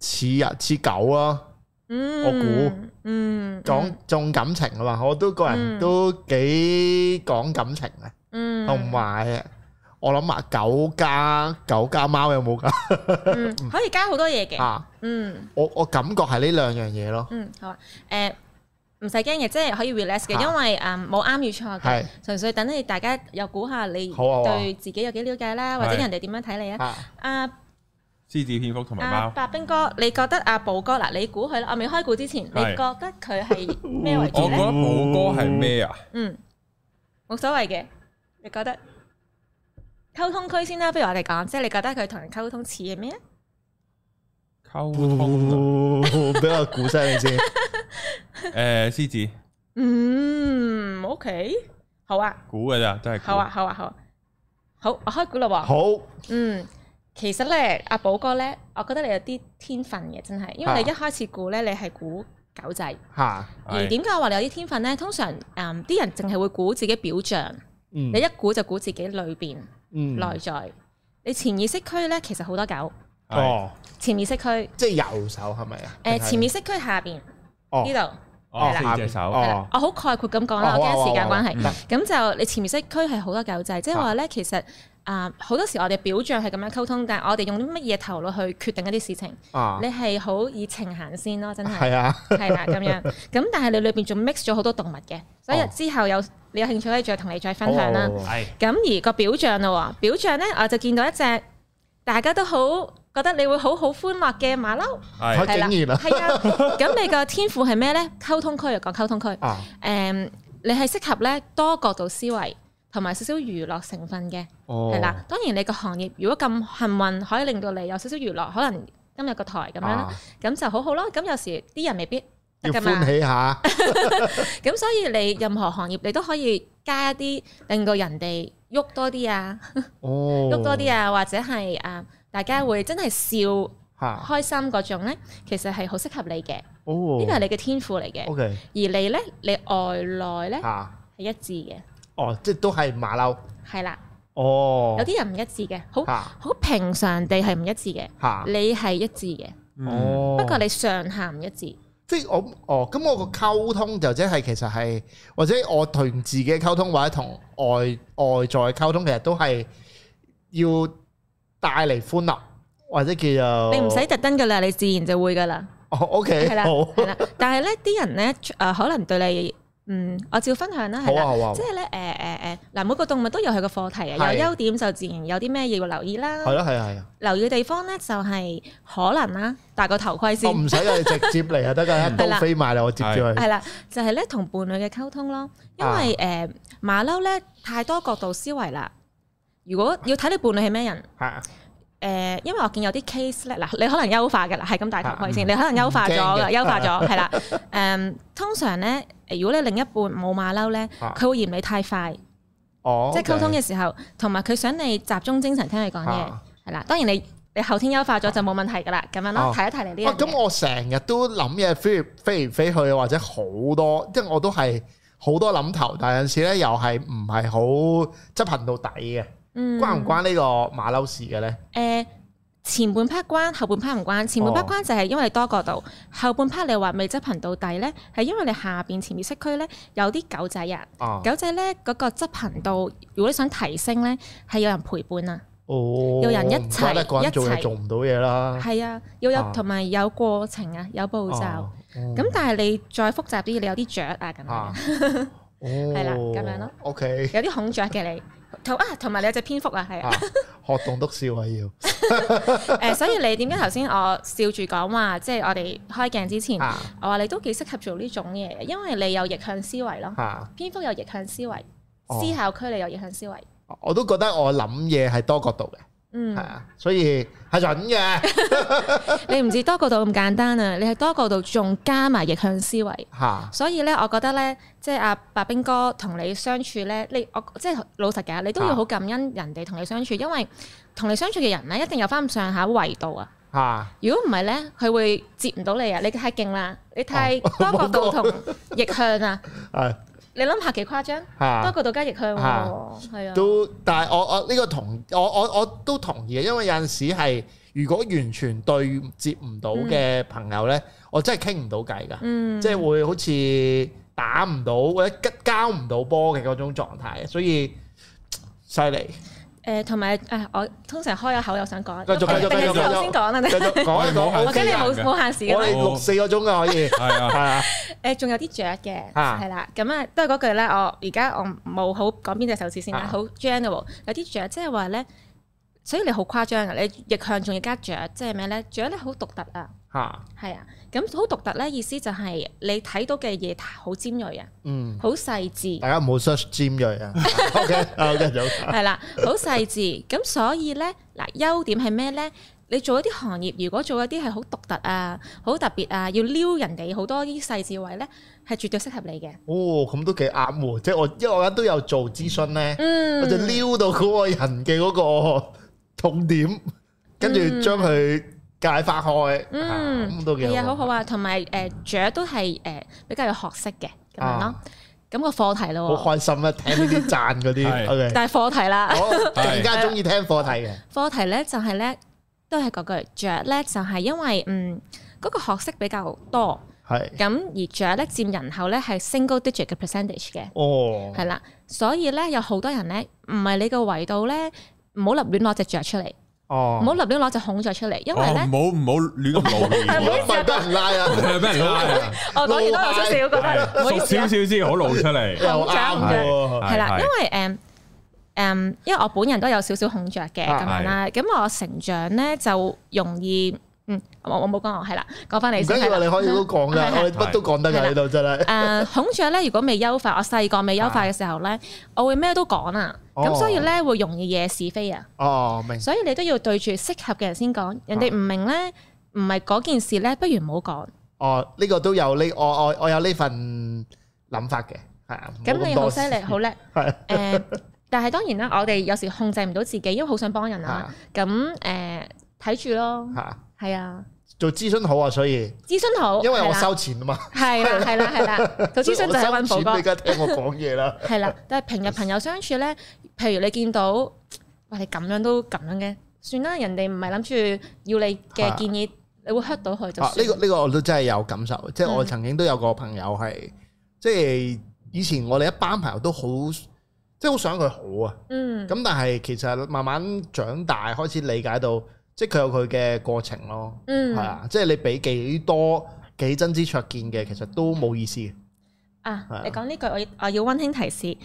Speaker 3: 似啊，似狗啊。嗯，
Speaker 2: 我估猜，嗯，講
Speaker 3: 重感情啊嘛，我都個人都幾講感情嘅，嗯，同埋我諗埋狗加狗加貓有冇噶、 嗯？
Speaker 2: 可以加好多嘢嘅。啊，嗯，
Speaker 3: 我我感覺係呢兩樣嘢咯。嗯，
Speaker 2: 好啊，誒、呃。唔使驚嘅，即係可以 relax 嘅，因為誒冇啱與錯嘅，純粹等你大家又估下你對自己有幾瞭解啦，或者人哋點樣睇你啊？啊！
Speaker 1: 獅子、蝙蝠同埋貓。白
Speaker 2: 兵哥，你覺得阿寶哥嗱，你估佢啦？我未開估之前，你覺得佢係咩位置咧？我覺得寶
Speaker 1: 哥係咩啊？嗯，
Speaker 2: 冇所謂嘅，你覺得溝通區先啦，不如我哋講，即係你覺得佢同人溝通似係咩？
Speaker 1: 唔唔唔唔唔，估先 先。誒、 呃，獅子。
Speaker 2: 嗯，OK，好啊。
Speaker 1: 估嘅咋，真係，啊。好啊，好
Speaker 2: 啊，好。啊，好，我開估咯。好。嗯，其實咧，阿寶哥咧，我覺得你有啲天分嘅，真係。因為你一開始估咧，你係估狗仔。
Speaker 3: 吓哈。而點解我
Speaker 2: 話你有啲天分咧？通常，誒、嗯，啲人淨係會估自己表象。嗯，你一估就估自己裏邊，嗯，內在。你潛意識區咧，其實好多狗。哦，潛意識區，即係
Speaker 3: 右手係咪啊？誒，潛意
Speaker 2: 識區下邊，呢度，係啦，隻手。我好概括咁講啦，我驚時間關係，咁就你潛意識區係好多狗仔，即係話咧，其實啊，好多時我哋表象係咁樣溝通，但我哋用啲乜嘢頭腦去決定一啲事情？你係好以情行先咯，真係。係啊，係啦，咁樣。咁但係你裏邊仲 mix 咗好多動物嘅，所以之後有你有興趣可以再同你再分享啦。係。咁而個表象咯，表象咧，我就見到一隻大家都好。覺得你會好好歡樂嘅馬騮，係啦的，係的啊。咁你個天賦係咩呢？溝通區，講溝通區。誒，你係適合咧多角度思維，同埋少少娛樂成分嘅，係啦、哦。當然你個行業如果咁幸運，可以令到你有少少娛樂，可能今日個台咁樣啦，咁、啊、就好好咯。咁有時啲人未必得㗎嘛，要歡喜下。咁 所以你任何行業你都可以加一啲令到人哋喐多啲啊，
Speaker 3: 喐多啲啊，
Speaker 2: 或者係啊。大家會真係笑開心嗰種呢，其實係好適合你嘅。呢個係你嘅天賦嚟嘅。O Okay . K，而你呢，你外內呢，係 Ha. 一致嘅。哦、
Speaker 3: oh，即係都係馬騮。係啦。哦。有啲人
Speaker 2: 唔一致嘅，好好 Ha. 平常地係唔一致嘅。Ha. 你係一致嘅。哦、oh. 嗯。不過你上下唔一致。
Speaker 3: 即係我，哦，咁我個溝通，就即係其實係，或者我同自己溝通，或者同外外在溝通，其實都係要。帶嚟歡樂，或者叫做，你唔使特
Speaker 2: 登噶啦，你自然就會噶啦。
Speaker 3: 哦，O K，係啦，係啦。
Speaker 2: 但係咧，啲人咧，誒，可能對你，嗯，我照分享啦，係啦。即係咧，誒誒誒，嗱，每個動物都有佢個課題啊，有優點就自然有啲咩嘢要留意啦。係啦，係啊，係啊。留意嘅地方咧，就係可能啦，戴個頭盔先。我唔使啊，你直接
Speaker 3: 嚟啊得噶啦，唔到飛埋啦，我接住佢。係啦，
Speaker 2: 就係咧，同伴侶嘅溝通咯，因為誒馬騮咧太多角度思維啦。如果要睇你伴侶係咩人，誒、 啊欸，因為我見有啲 case 咧，嗱，你可能優化㗎啦，係咁大頭盔先，你可能優化咗㗎，優化咗，係啦，誒，通常咧，如果你另一半冇馬騮咧，佢會嫌你太快，
Speaker 3: 哦，即係溝通嘅時
Speaker 2: 候，同埋佢想你集中精神聽佢講嘢，係啦、哦，當然你你後天優化咗就冇問題噶啦，咁樣咯，提一提你呢
Speaker 3: 咁、哦哦哦、我成日都諗嘢飛飛嚟飛去，或者好多，即係我都係好多諗頭，但係有時咧又係唔係好執行到底嘅。關唔關呢個馬騮事嘅
Speaker 2: 咧？誒前半 part 關，後半 part 唔關。前半 part 關就係因為多角度。後半 part 你話未執行到底咧，係因為你下邊潛意識區咧有啲狗仔啊。狗仔咧嗰個執行度，如果你想提升咧，係有人陪伴啊。
Speaker 3: 哦。要人一齊一齊。做唔到嘢啦。係
Speaker 2: 啊，要有同埋有過程啊，有步驟。哦。咁但係你再複雜啲，你有啲雀啊咁樣。係啦，咁
Speaker 3: 樣咯。OK。有
Speaker 2: 啲孔雀嘅你。同啊，同埋你有隻蝙蝠啊，係啊，
Speaker 3: 學棟篤笑啊要。
Speaker 2: 誒、 呃，所以你點解頭先我笑住講話，即、就、係、是、我哋開鏡之前，啊、我話你都幾適合做呢種嘢，因為你有逆向思維咯。啊、蝙蝠有逆向思維，思考區你有逆向思維。
Speaker 3: 哦、我都覺得我諗嘢係多角度嘅。
Speaker 2: 嗯，係
Speaker 3: 啊，所以係準嘅。
Speaker 2: 你唔止多角度咁簡單啊，你係多角度仲加埋逆向思維。嚇、啊！所以咧，我覺得咧，即係阿白兵哥同你相處咧，你我即係老實嘅，你都要好感恩人哋同你相處，因為同你相處嘅人咧，一定有返咁上下維度啊。嚇、啊！如果唔係咧，佢會接唔到你啊！你太勁啦，你太、啊、多角度同逆向啊。啊你諗下幾誇張？嚇，不過到家亦向喎，係啊，都，
Speaker 3: 但係我我呢個同我我我都同意嘅，因為有陣時係如果完全對接唔到嘅朋友咧，嗯、我真係傾唔到計㗎，嗯、即係會好似打唔到或者交唔到波嘅嗰種狀態，所以犀利。
Speaker 2: 誒同埋誒，我通常開個口又想講，繼續繼續繼續繼續先講啦，繼續講，我跟你冇冇限時嘅，我哋六
Speaker 3: 四個鐘嘅可以，係
Speaker 2: 啊係啊。誒，仲有啲雀嘅，係啦，咁啊，都係嗰句咧，我而家我冇好講邊隻手指先啦，好 general，有啲雀即係話咧，所以你好誇張嘅，你逆向仲要加雀，即係咩咧？雀咧好獨特啊，係啊。咁好獨特咧，意思就係你睇到嘅嘢好尖鋭啊，嗯，好細緻。大
Speaker 3: 家唔好 search 尖鋭啊，OK，OK，OK，係啦，
Speaker 2: 好細緻。咁所以咧，嗱，優點係咩咧？你做一啲行業，如果做一啲係好獨特啊、好特別啊，要撩人哋好多啲細緻位咧，係絕對適合你嘅。
Speaker 3: 哦，咁都幾啱喎，即係我因為我都有做諮詢咧，我就撩到嗰個人嘅嗰個痛點，
Speaker 2: 跟住將佢。
Speaker 3: 解翻開，嗯，係啊，好
Speaker 2: 好啊，同埋誒雀都係誒、呃、比較有學識嘅咁、啊、樣咯。咁個課題咯、啊，好開
Speaker 3: 心啊！聽啲讚嗰啲， 是 Okay 但係
Speaker 2: 課題啦，更加中
Speaker 3: 意聽課題
Speaker 2: 嘅課題咧、就是，就係咧都係嗰句雀咧，就係因為嗯嗰、那個學識比較多係咁，的而雀咧佔人口咧係 single digit 嘅 percentage 嘅哦，係啦，所以咧有好多人咧唔係你個圍度咧，唔好立亂攞隻雀出嚟。哦，唔好立亂攞隻孔雀出嚟，因為咧，唔
Speaker 1: 好唔好亂咁攞，
Speaker 3: 唔好得人拉
Speaker 1: 啊，係咪俾人拉啊？
Speaker 2: 我當然都有少少，少
Speaker 1: 少先好露出嚟，
Speaker 2: 係啦，因為誒，誒，因為我本人都有少少孔雀嘅咁樣啦，咁我成長咧就容易。我冇講，我係啦，講翻你先。唔緊要話你可以都講㗎，我乜都講得㗎。呢度真係。誒，孔雀咧，如果未優化，我細個未優化嘅時候咧，我會咩都講啊。咁所以咧會容易惹是非啊。哦，明。所以你都要對住適合嘅人先講，人哋唔明咧，唔係嗰件事咧，不如唔好講。
Speaker 3: 哦，呢個都有呢，我我我有呢份諗法嘅，係啊。咁你好犀利，好叻。係。誒，
Speaker 2: 但係當然啦，我哋有時控制唔到自己，因為好想幫人啊。咁，誒，睇住咯。係啊。
Speaker 3: 做諮詢好啊，所以
Speaker 2: 諮詢好，因為我收
Speaker 3: 錢啊嘛，係啦
Speaker 2: 係啦係啦，做諮詢就係揾寶哥。而家聽我講嘢啦，係啦。但係平日朋友相處咧，譬如你見到哇，你咁樣都咁樣嘅，算啦。人哋唔係諗住要你嘅建議，啊、你會 hurt 到佢就。呢、啊呢個呢、
Speaker 3: 呢個我都真係有感受，即、就、係、是、我曾經都有個朋友係，即係、嗯、以前我哋一班朋友都、就是、好，即係好想佢好啊。嗯，咁但係其實慢慢長大開始理解到。即係佢有佢嘅過程咯，係啊、嗯！即係你俾幾多幾真知灼見嘅，其實都冇意思
Speaker 2: 啊！你講呢句，我我要温馨提示：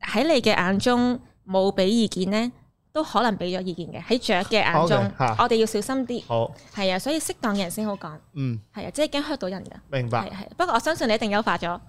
Speaker 2: 喺你嘅眼中冇俾意見呢。都可能俾咗意見嘅，喺雀嘅眼中，okay，我哋要小心啲。好、啊，係啊，所以適當嘅人先好講。嗯，係啊，即係驚 hurt 到人㗎。明
Speaker 3: 白。係係、啊
Speaker 2: 啊。不過我相信你一定優化咗 、
Speaker 3: 啊。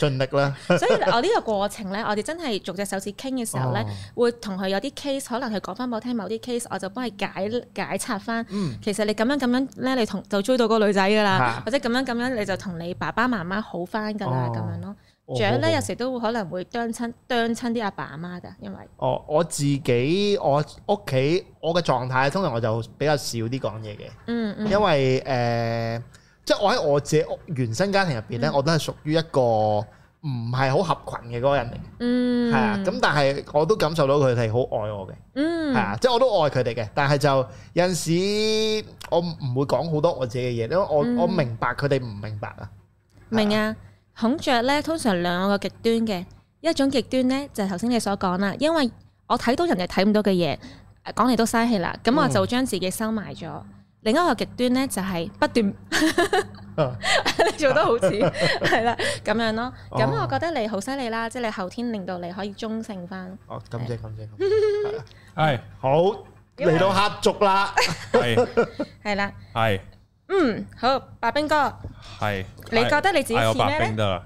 Speaker 3: 盡力啦。 所
Speaker 2: 以我呢個過程咧，我哋真係逐隻手指傾嘅時候咧，哦、會同佢有啲 case，可能佢講翻我聽某啲 case，我就幫佢解，解解拆翻。嗯、其實你咁樣咁樣咧，你同就追到嗰個女仔㗎啦，啊、或者咁樣咁樣你就同你爸爸媽媽好翻㗎啦咁樣咯。長咧有時都會可能會啄親啄親啲阿爸阿媽㗎，因為
Speaker 3: 哦，我自己我屋企我嘅狀態通常我就比較少啲講嘢嘅，
Speaker 2: 嗯，因
Speaker 3: 為誒、呃，即係我喺我自己原生家庭入邊咧，嗯、我都係屬於一個唔係好合群嘅嗰個人嚟嘅，嗯，係啊，咁但係我都感受到佢哋好愛我嘅，嗯，係啊，即係我都愛佢哋嘅，但係就有陣時我唔會講好多我自己嘅嘢，因為我、嗯、我明白佢哋唔明白啊，
Speaker 2: 明啊。孔雀咧，通常兩個極端嘅一種極端咧，就係頭先你所講啦，因為我睇到人哋睇唔到嘅嘢，講嚟都嘥氣啦。咁我就將自己收埋咗。另一個極端咧，就係不斷，你做得好似係啦咁樣咯。咁我覺得你好犀利啦，即係你後天令到你可以中性翻。哦，
Speaker 3: 感謝感謝，係好嚟到黑
Speaker 2: 族啦，係係啦，係。嗯，好，白兵哥，
Speaker 3: 係，
Speaker 1: 你覺得你自己似咩咧？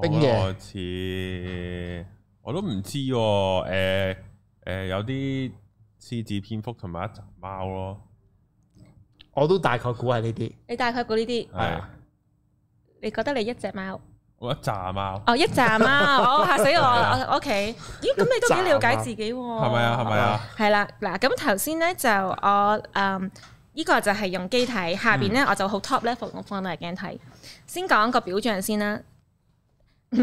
Speaker 2: 冰爺
Speaker 1: 似，我都唔知喎。誒誒，有啲獅子、蝙蝠同埋一扎貓咯。我都大概估係呢啲，你
Speaker 2: 大概估呢啲？係，你覺得你一隻貓？
Speaker 1: 我一扎貓。哦，
Speaker 2: 一扎貓，我嚇死我，我我 OK。咦，咁你都幾了解自己？係咪啊？係咪啊？係啦，嗱，咁頭先咧就我嗯。呢個就係用機睇，下邊咧我就好 top level 咧放放大鏡睇，先講個表象先啦。
Speaker 1: 等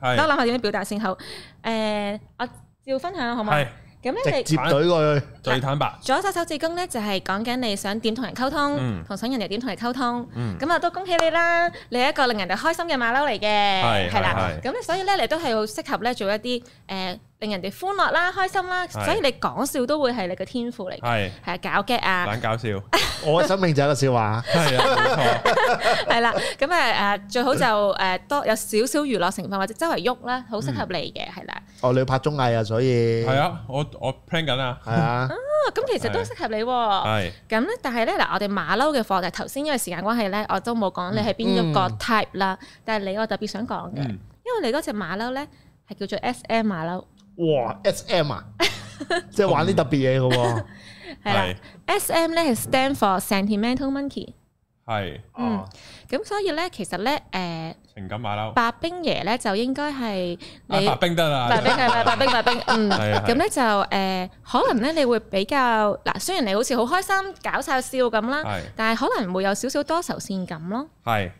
Speaker 1: 我諗
Speaker 2: 下點樣表達先好。誒，我照分享好唔好？係。咁咧，你直接懟過
Speaker 1: 去最坦白。左
Speaker 2: 手手指公咧就係講緊你想點同人溝通，同想人哋點同你溝通。咁啊都恭喜你啦！你係一個令人哋開心嘅馬騮嚟嘅，係啦。咁咧所以咧你都係好適合咧做一啲誒。令人哋歡樂啦、開心啦，所以你講笑都會係你個天賦嚟嘅。係係是啊，搞嘅啊，玩搞
Speaker 3: 笑。 我生命就係個笑話。
Speaker 2: 係 啊，冇錯係啦、啊。咁誒誒，最好就誒、啊、多有少少娛樂成分或者周圍喐啦，好適合你嘅係啦。啊、
Speaker 3: 哦，你要拍綜藝啊，所以係、嗯、啊，我我 plan 緊啊，係啊。
Speaker 2: 咁其實都適合你喎、啊。咁咧、啊，但係咧嗱，我哋馬騮嘅課，但係頭先因為時間關係咧，我都冇講你係邊一個 type 啦。嗯、但係你我特別想講嘅，嗯、因為你嗰隻馬騮咧係叫做 S M 馬騮。S 哇、SM?！S
Speaker 3: M 啊，即係玩啲特別嘢嘅喎，係
Speaker 2: S M 咧係 stand for sentimental monkey，係，嗯。咁所以咧，其實咧，誒、呃，情
Speaker 1: 感馬騮，白
Speaker 2: 兵爺咧就應該係你白兵得
Speaker 1: 啦，白兵係咪？白兵
Speaker 2: 白兵，嗯。咁咧就誒、呃，可能咧你會比較嗱，雖然你好似好開心搞晒笑咁啦，但係可能會有少少多愁善感咯，係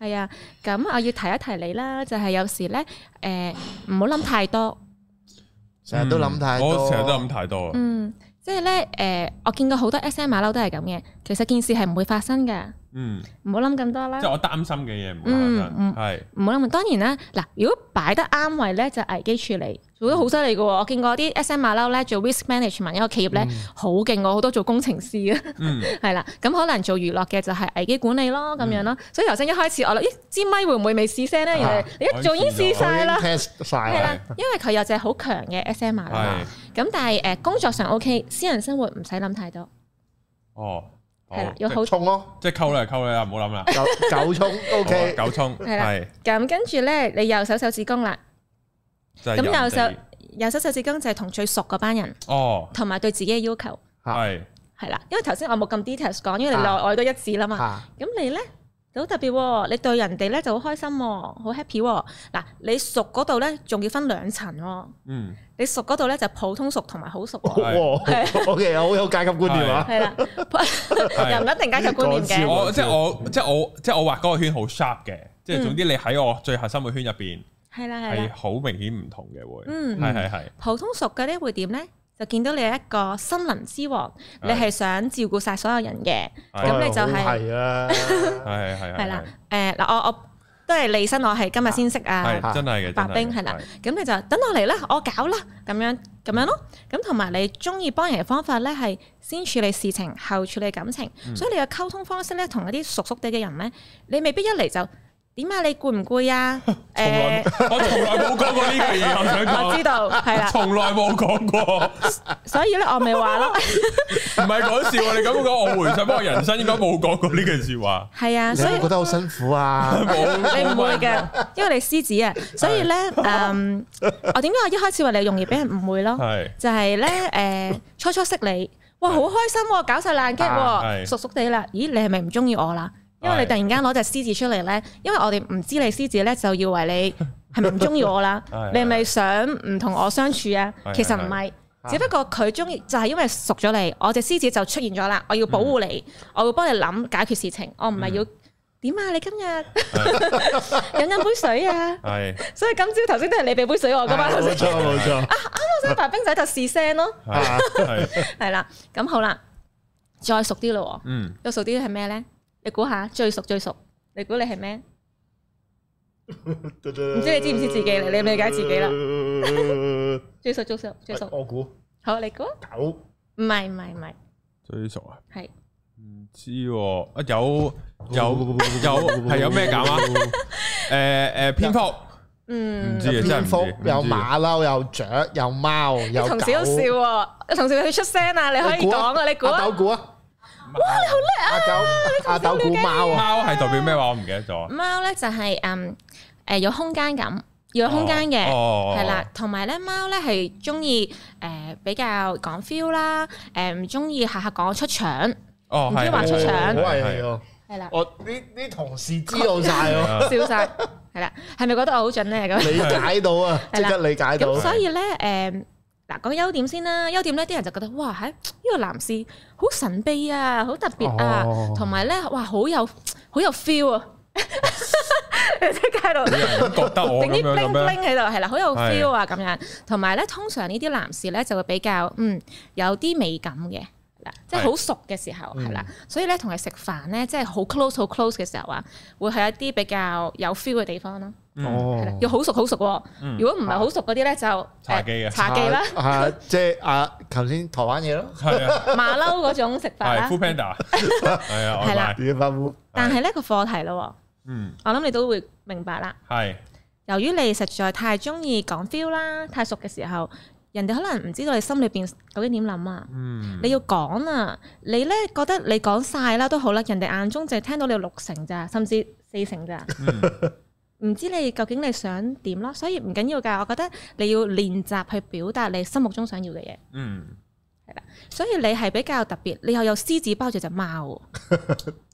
Speaker 2: 是，係啊。咁我要提一提你啦，就係、是、有時咧，誒、呃，唔好諗太多。
Speaker 1: 成日都諗太多，嗯、我成日都諗太多嗯，
Speaker 2: 即係咧，誒、呃，我見過好多 SM 馬騮都係咁嘅。其實件事係唔會發生嘅。嗯，唔好諗咁多啦。即係我
Speaker 1: 擔心嘅嘢
Speaker 2: 唔會發生，係唔好諗。當然啦，嗱，如果擺得啱位咧，就危機處理。做得好犀利噶，我見過啲 S M 馬騮咧做 risk management 一個企業咧好勁喎，好多做工程師啊，係啦，咁可能做娛樂嘅就係危機管理咯咁樣咯。所以頭先一開始我諗，咦，支咪會唔會未試聲咧？原來你一做已經試曬啦，係
Speaker 3: 啦，
Speaker 2: 因為佢有隻好強嘅 S M 馬騮。咁但係誒工作上 O K，私人生活唔使諗太多。
Speaker 1: 哦，係啦，要好充咯，即係溝咧就溝咧，唔好諗啦，九充都 O K，九充係。
Speaker 2: 咁跟住咧，你右手手指公啦。咁右手右手手指根就係同最熟嗰班人，哦，同埋對自己嘅要求係係啦，因為頭先我冇咁 details 講，因為你內外都一致啦嘛。咁你咧就好特別，你對人哋咧就好開心，好 happy。嗱，你熟嗰度咧，仲要分兩層。嗯，你熟嗰度咧就普通熟同埋好熟。OK，我好有
Speaker 3: 階級觀念啊。係啦，又唔一定階級
Speaker 1: 觀念
Speaker 2: 嘅。即係我即
Speaker 1: 係我即係我畫嗰個圈好 sharp 嘅，即係總之你喺我最核心嘅圈入邊。係啦，係啦，係好明顯唔同
Speaker 2: 嘅會，嗯，係係係，普通熟嘅咧會點咧？就見到你係一個森林之王，你係想照顧晒所有人嘅，咁你就係係啊，係係係啦，誒嗱，我我都係嚟身我係今日先識啊，真係嘅，白兵係啦，咁你就等我嚟啦，我搞啦，咁樣咁樣咯，咁同埋你鍾意幫人嘅方法咧，係先處理事情後處理感情，所以你嘅溝通方式咧，同一啲熟熟哋嘅人咧，你未必一嚟就。點啊？你攰唔攰啊？誒，我從來冇講過呢句嘢，我想講，我知道係啦，
Speaker 1: 從來冇講過，
Speaker 2: 所以咧我咪話咯，
Speaker 1: 唔係講笑啊！你咁講，我回想，不過人生應該冇講過呢句說話。係啊，所以覺得好辛苦
Speaker 3: 啊！
Speaker 2: 你唔會嘅，因為你獅子啊，所以咧，嗯，我點解我一開始話你容易俾人誤會咯？係就係咧，誒，初初識你，哇，好開心，搞晒爛 gag，熟熟哋啦，咦，你係咪唔中意我啦？因為你突然間攞隻獅子出嚟咧，因為我哋唔知你獅子咧，就以為你係咪唔中意我啦？你係咪想唔同我相處啊？其實唔係，只不過佢中意就係因為熟咗你，我隻獅子就出現咗啦。我要保護你，我會幫你諗解決事情。我唔係要點啊？你今日飲飲杯水啊？係，所以今朝頭先都係你俾杯水我噶嘛？冇錯冇錯。啊啱啊，所以白兵仔就試聲咯。係係啦，咁好啦，再熟啲咯。嗯，再熟啲係咩咧？你估下最熟最熟，你估你係咩？
Speaker 3: 唔知你知唔知自己？你理唔理解自己啦。
Speaker 2: 最熟最熟最熟。我估。好，你估。狗。唔係唔係唔係。
Speaker 1: 最熟啊。
Speaker 2: 係。
Speaker 1: 唔知喎，啊有有有係有咩狗啊？
Speaker 3: 誒誒蝙蝠，嗯
Speaker 1: 唔
Speaker 2: 知啊真係。
Speaker 3: 蝙蝠有馬騮有雀有貓有。同時
Speaker 2: 好笑，同時佢出聲啦，你可以講啊，你估狗估啊。哇，你好叻啊！阿豆阿豆估，貓，
Speaker 3: 貓係代表咩話？我唔記得
Speaker 1: 咗。
Speaker 2: 貓咧就係誒，誒有空間感，要有空間嘅，係啦。同埋咧，貓咧係中意誒比較講 feel 啦，誒唔中意下下講出場，唔知意話出場，係啦。
Speaker 3: 我呢啲同事知道晒咯，笑晒
Speaker 2: 係啦。係咪覺得我好準咧？咁理解到啊，即刻理解到。所以咧，誒。講優點先啦，優點咧啲人就覺得哇，喺、這、呢個男士好神秘啊，好特別啊，同埋咧哇，好有好有 feel 啊，喺街度，
Speaker 1: 覺得我整啲冰冰喺
Speaker 2: 度，係啦，好有 feel 啊咁樣，同埋咧通常呢啲男士咧就會比較嗯有啲美感嘅。即係好熟嘅時候，係啦，所以咧同佢食飯咧，即係好 close 好 close 嘅時候啊，會去一啲比較有 feel 嘅地方咯。哦，要好熟好熟喎。如果唔係好熟嗰啲咧，就茶記嘅茶記啦。
Speaker 3: 啊，即係啊，頭先台灣嘢咯。係啊，
Speaker 2: 馬騮嗰種食飯啦。
Speaker 3: 啊，係啦，
Speaker 2: 但係呢個課題咯，嗯，我諗你都會明白啦。係。由於你實在太中意講 feel 啦，太熟嘅時候。人哋可能唔知道你心裏邊究竟點諗啊、嗯、啊？你要講啊，你咧覺得你講晒啦都好啦，人哋眼中淨係聽到你六成咋，甚至四成咋，唔、嗯、知你究竟你想點咯？所以唔緊要㗎，我覺得你要練習去表達你心目中想要嘅嘢。嗯，係啦，所以你係比較特別，你又有獅子包住隻貓，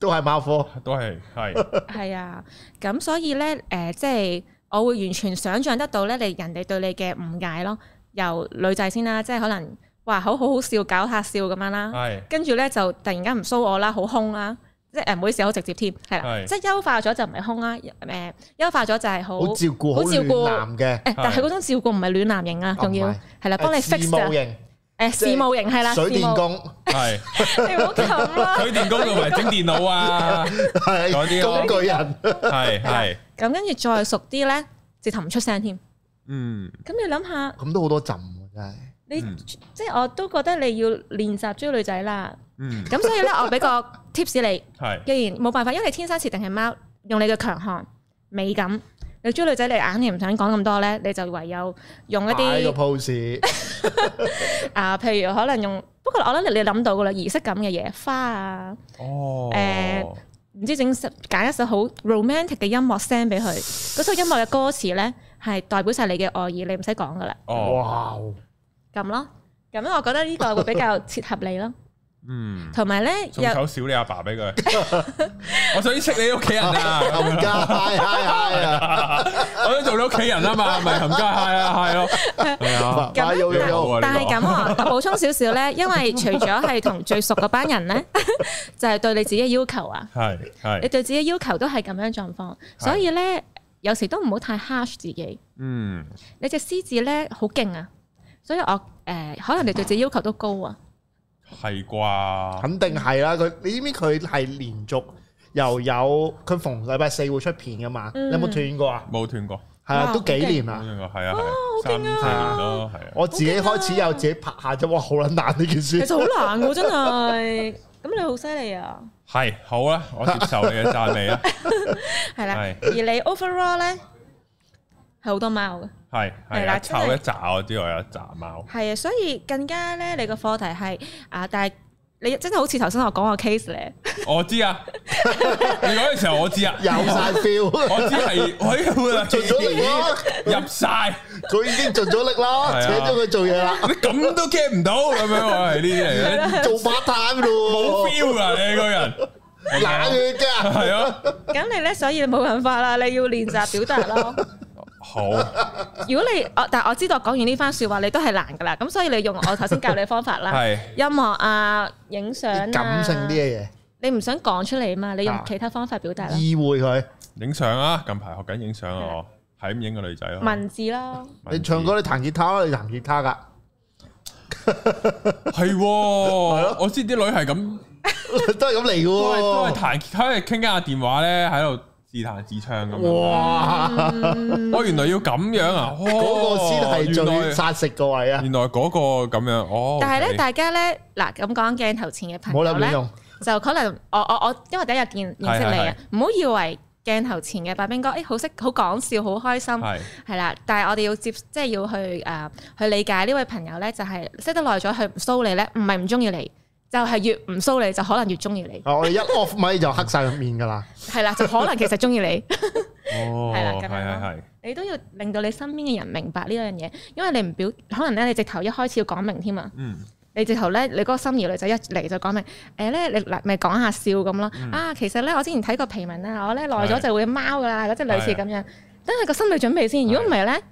Speaker 3: 都係貓科，都係係
Speaker 2: 係啊。咁所以咧，誒、呃，即、就、係、是、我會完全想像得到咧，你人哋對你嘅誤解咯。由女仔先啦，即係可能哇，好好好笑，搞下笑咁樣啦。係，跟住咧就突然間唔 show 我啦，好凶啦，即係唔好意思，好直接添，係啦。即係優化咗就唔係凶啦，誒，優化咗就係好。好照顧，好照顧男
Speaker 3: 嘅。誒，但係嗰
Speaker 2: 種照顧唔係暖男型啊，仲要係啦，幫你識型。誒，事務型係啦，水電工係。
Speaker 3: 你唔
Speaker 1: 好求啊！水電工同埋整電腦啊，係嗰啲工具人，
Speaker 2: 係係。咁跟住再熟啲咧，直頭唔出聲添。嗯，咁、啊、你諗下，
Speaker 3: 咁都好多浸喎，真係。你
Speaker 2: 即係我都覺得你要練習追女仔啦。嗯，咁所以咧， 我俾個 tips 你，係是既然冇辦法，因為你天生設定係貓，用你嘅強項、美感。你追女仔，你硬係唔想講咁多咧，你就唯有用一啲擺個
Speaker 3: pose。
Speaker 2: 啊，譬如可能用，不過我諗你你諗到噶啦，儀式感嘅嘢，花啊，哦，誒、呃，唔知整揀一首好 romantic 嘅音樂 send 俾佢，嗰首音樂嘅歌詞咧。係代表晒你嘅愛意，你唔使講噶啦。哦，咁咯，咁我覺得呢個會比較切合你咯。嗯，同埋咧,有少
Speaker 1: 少你阿爸俾佢，我想識你屋企人啊，我想做你屋企人啊嘛，咪冚家嗨啊，係
Speaker 2: 咯。咁，但係咁啊，我補充少少咧，因為除咗係同最熟嗰班人咧，就係對你自己要求啊。
Speaker 1: 係係，你對
Speaker 2: 自己要求都係咁樣狀況，所以咧。有時都唔好太 harsh 自己。嗯。你隻獅子咧好勁啊，所以我誒、呃、可能你對自己要求都高啊。
Speaker 3: 係啩吧？肯定係啦，佢你知唔知佢係連續又有佢逢禮拜四會出片噶嘛？嗯、你有冇斷過啊？冇斷過。係啊，哇都幾年啦。斷過係啊，係啊。好勁三年咯，係啊。我自己開始有自己拍下啫，哇！好撚難呢件事。啊、其實好難嘅真係，
Speaker 2: 咁你好犀利啊！
Speaker 1: 係好啊，我接受你嘅讚美啊，
Speaker 2: 係啦。而你 overall 咧，係好多貓
Speaker 1: 嘅，係係啊，湊一紮嗰啲，我有一紮貓，
Speaker 2: 係啊，所以更加咧，你個課題，係啊，但係。你真係好似頭先我講個 case 咧，
Speaker 1: 我知啊，你講嘅時候我知啊，有晒 feel，我知係，哎，做咗入晒，佢已經盡咗力
Speaker 3: 啦，請咗佢做嘢啦，你咁
Speaker 1: 都 get 唔到，咁樣我係呢樣，
Speaker 3: 做 part time 咯，
Speaker 1: 冇 feel 噶你個人，冷血噶，係 啊，
Speaker 2: 咁 你咧，所以冇辦法啦，你要練習表達咯。
Speaker 1: 好，
Speaker 2: 如果你我但我知道講完呢番說話你都係難噶啦，咁所以你用我頭先教你嘅方法啦， 是音樂啊、影相、啊、感性啲嘅嘢，你唔想講出嚟嘛？你用其他方法表達啦、啊啊，意
Speaker 3: 會佢，
Speaker 1: 影相啊，近排學緊影相啊，我係咁影個女仔咯，文字啦，你唱歌你彈吉
Speaker 3: 他啦，你彈吉他噶，
Speaker 1: 係，我知啲女係咁，都係咁嚟噶，都係彈吉他喺度傾緊下電話咧，喺度。試探支槍咁，槍，哇！我、哦、原來要咁樣啊，嗰個先係最殺食個位啊！ 原來嗰個咁樣呢哦。但係咧，大
Speaker 2: 家咧，嗱咁講鏡頭前嘅朋友咧，就可能我我我，因為第一日見認識你啊，唔好以為鏡頭前嘅白兵哥，誒、欸，好識好講笑，好開心係啦是。但係我哋要接，即、就、係、是、要去誒、啊、去理解呢位朋友咧，就係、是、識得耐咗去 s o u 你咧，唔係唔中意你。不就係越唔騷你，就可能越中意你。
Speaker 3: 啊！我哋一 off 咪就黑晒面噶啦。
Speaker 2: 係啦，就可能其實中意你。哦，係啦，
Speaker 3: 咁樣。係係
Speaker 2: 係。你都要令到你身邊嘅人明白呢樣嘢，因為你唔表，可能咧你直頭一開始要講明添啊。嗯。你直頭咧，你嗰個心儀女仔一嚟就講明，誒咧，你咪講下笑咁咯。啊，其實咧我之前睇過皮文咧，我咧耐咗就會貓噶啦，嗰隻類似咁樣。等佢個心理準備先。如果唔係咧，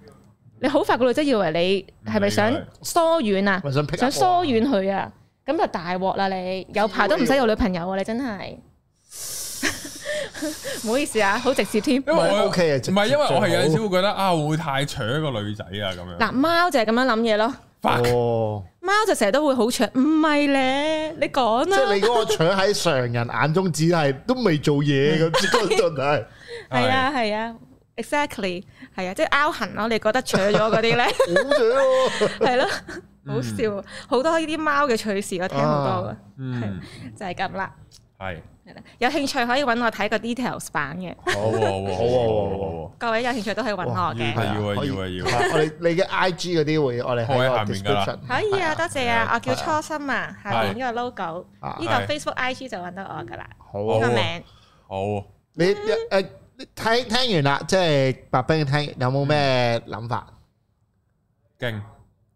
Speaker 2: 你好快個女仔以為你係咪想疏遠啊？想疏遠佢啊？咁就大鑊啦！你有排都唔使有女朋友啊！你真係，唔我好意思啊，好直接添。唔係 OK 啊，
Speaker 1: 唔係因為我係有陣時會覺得啊，會太搶個女仔啊咁樣。
Speaker 2: 嗱，貓就係咁樣諗嘢咯。哦、貓就成日都會好搶，唔係咧，你講啊。即係你嗰個
Speaker 3: 搶喺常人眼中只係都未做嘢咁，真係 的。係啊
Speaker 2: 係啊，exactly 係啊，即係拗痕咯。你覺得搶咗嗰啲咧？ 好搶啊！係咯。 好笑，好多呢啲貓嘅趣事我聽好多，係就係咁啦。係，係啦。有興趣可以揾我睇個 details 版嘅。好
Speaker 3: 啊，好
Speaker 1: 啊，
Speaker 2: 各位有興趣都可以揾我
Speaker 1: 嘅。
Speaker 3: 要
Speaker 1: 啊，要啊，要啊，要。我
Speaker 2: 哋你嘅 IG
Speaker 3: 嗰啲會，我哋喺下面噶啦。可以啊，多謝啊，我叫初
Speaker 2: 心啊，下面呢個 logo，呢個 Facebook、IG 就揾到我噶啦。
Speaker 3: 好個名。好，你誒聽聽完啦，即係白兵聽有冇咩諗法？勁！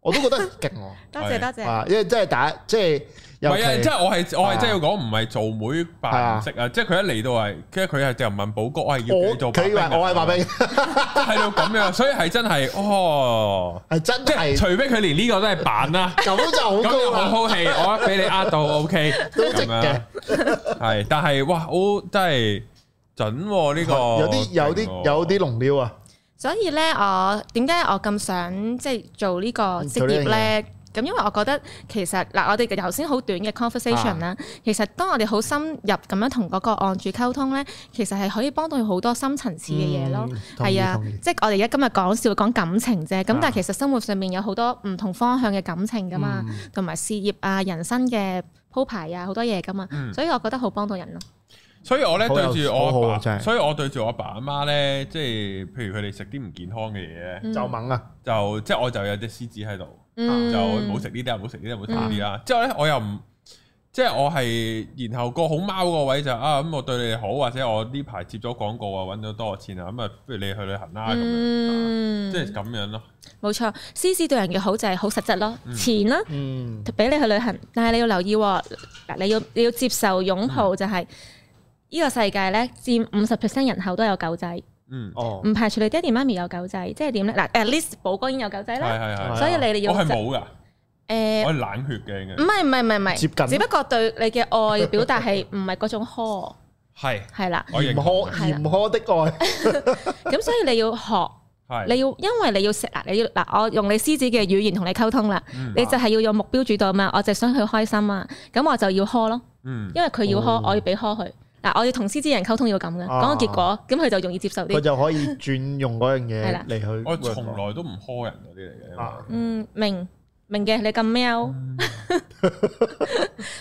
Speaker 3: 我都覺得勁，多謝多謝，因為真係打，即係唔係啊！即係我係我係真係要
Speaker 1: 講，唔係做媒扮識啊！即係佢一嚟到係，即係佢係就問寶哥，我係要你做。佢話我係扮俾，係咯咁樣，所以係真係哦，係真係即係，除非佢連呢個都係扮啦，咁就好，咁我好戲，我俾你呃到 OK，都值嘅，係，但係哇，好真係準呢個，有啲有啲有
Speaker 3: 啲龍料啊！
Speaker 2: 所以咧，我點解我咁想即係、就是、做呢個職業咧？咁因為我覺得其實嗱，我哋頭先好短嘅 conversation 啦，啊、其實當我哋好深入咁樣同嗰個案主溝通咧，其實係可以幫到佢好多深層次嘅嘢咯。係啊、嗯，哎、呀意即係我哋而家今日講笑講感情啫，咁但係其實生活上面有好多唔同方向嘅感情噶嘛，同埋、啊、事業啊、人生嘅鋪排啊好多嘢噶嘛，所以我覺得好幫到人咯。
Speaker 1: 所以我咧對住我爸，所以我對住我阿爸阿媽咧，即係譬如佢哋食啲唔健康嘅嘢，就猛啊！就即係我就有隻獅子喺度，就唔好食呢啲，唔好食呢啲，唔好食呢啲啦。之後咧我又唔即係我係，然後個好貓個位就啊咁，我對你好，或者我呢排接咗廣告啊，揾咗多錢啊，咁啊不如你去旅行啦咁樣，即係咁樣咯。
Speaker 2: 冇錯，獅子對人嘅好就係好實質咯，錢啦，嗯，俾你去旅行，但係你要留意，嗱，你要你要接受擁抱就係。呢個世界咧，佔五十 percent 人口都有狗仔，
Speaker 1: 嗯，哦，唔排
Speaker 2: 除你爹哋媽咪有狗仔，即係點咧？嗱，At least 寶哥已經有狗仔啦，所以你哋要我係冇
Speaker 3: 噶，誒，我係冷血嘅，唔係
Speaker 2: 唔係唔係，接近，只不過對你嘅愛表達係唔係嗰種呵，係係啦，嚴苛
Speaker 3: 嚴苛的愛，
Speaker 2: 咁所以你要學，你要因為你要食啊，你要嗱，我用你獅子嘅語言同你溝通啦，你就係要用目標主導啊嘛，我就想佢開心啊，咁我就要呵咯，嗯，
Speaker 3: 因為佢要呵，我要
Speaker 2: 俾呵佢。嗱，我要同獅子人溝通要咁嘅，講個結果，咁佢就容易接受啲。佢就可以
Speaker 3: 轉用嗰樣嘢嚟去。我從來都唔呵人嗰啲嚟嘅。嗯，
Speaker 2: 明明嘅，你咁喵。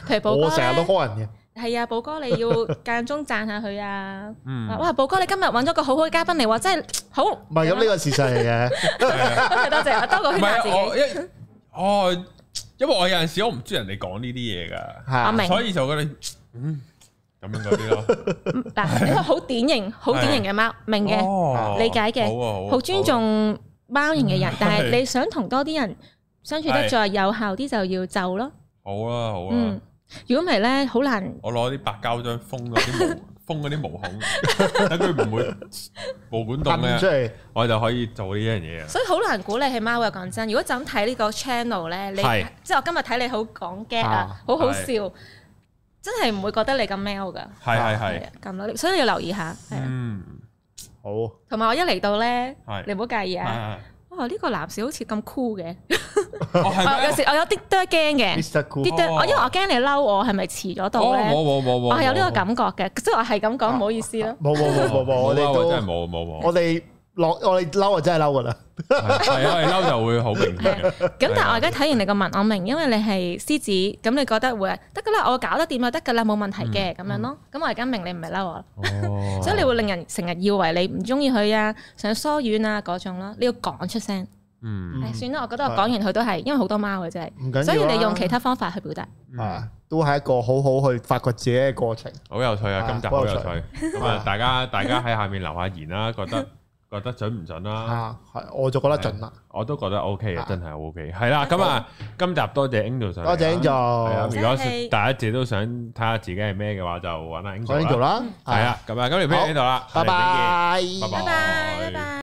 Speaker 2: 譬如寶哥，我成日都呵人嘅。係啊，寶哥，你要間中讚下佢啊。嗯。哇，寶哥，你今日搵咗個好好嘅嘉賓嚟喎，真係好。
Speaker 3: 唔係咁呢個事實嚟嘅。
Speaker 2: 多謝多謝，阿周哥。
Speaker 1: 唔係我，因，我因為我有陣時我唔中意人哋講呢啲嘢㗎，係，所以就覺得，嗯。咁
Speaker 2: 樣嗰啲咯，嗱，呢個好典型、好典型嘅貓，明嘅理解嘅，好啊好，好尊重貓型嘅人。但係你想同多啲人相處得再有效啲，就要就咯。
Speaker 1: 好啊好啊，嗯，
Speaker 2: 如果唔係咧，好難。
Speaker 1: 我攞啲白膠將封嗰啲毛，封嗰啲毛孔，睇佢唔會毛管動嘅，我就可以做呢樣嘢啊。所以
Speaker 2: 好難估你係貓啊！講真，如果就咁睇呢個 channel 咧，你即係我今日睇你好講 get 啊，好好笑。真係唔會覺得你咁 mail 噶係係係咁咯，所以要留意下，係啊。嗯，
Speaker 3: 好。
Speaker 2: 同埋我一嚟到咧，係你唔好介意啊。哇，呢個男士好似咁 cool 嘅，我有時我有啲多驚嘅，啲多我因為我驚你嬲我，係咪遲咗到咧？冇
Speaker 1: 冇冇冇，我係有呢個感
Speaker 2: 覺嘅，即係我係咁講，唔好意思囉。
Speaker 1: 冇冇冇冇，我哋都真係冇
Speaker 3: 冇冇，我哋。我我哋嬲就真係嬲噶啦，係我哋嬲就會
Speaker 1: 好明。
Speaker 2: 咁但係我而家睇完你個文，我明，因為你係獅子，咁你覺得會得噶啦，我搞得掂就得噶啦，冇問題嘅咁樣咯。咁我而家明你唔係嬲我，所以你會令人成日以為你唔中意佢啊，想疏遠啊嗰種啦。你要講出聲，嗯，算啦，我覺得我講完佢都係，因為好多貓嘅真係，所以你用其他方法去表達啊，
Speaker 3: 都係一個好好去發掘自己嘅過程。
Speaker 1: 好有趣啊，今集好有趣。咁啊，大家大家喺下面留下言啦，覺得。覺得準唔準啦？啊，
Speaker 3: 係、啊啊，我就覺得準啦、
Speaker 1: 啊。我都覺得 OK 嘅，啊、真係 OK 的。係啦，咁啊吧，今集多謝 Angel，多謝 Angel。如果大家一直都想睇下自己係咩嘅話，就揾阿 Angel 啦。Angel 啦，係啊，咁啊，咁而家呢度啦，拜拜，拜拜，拜拜。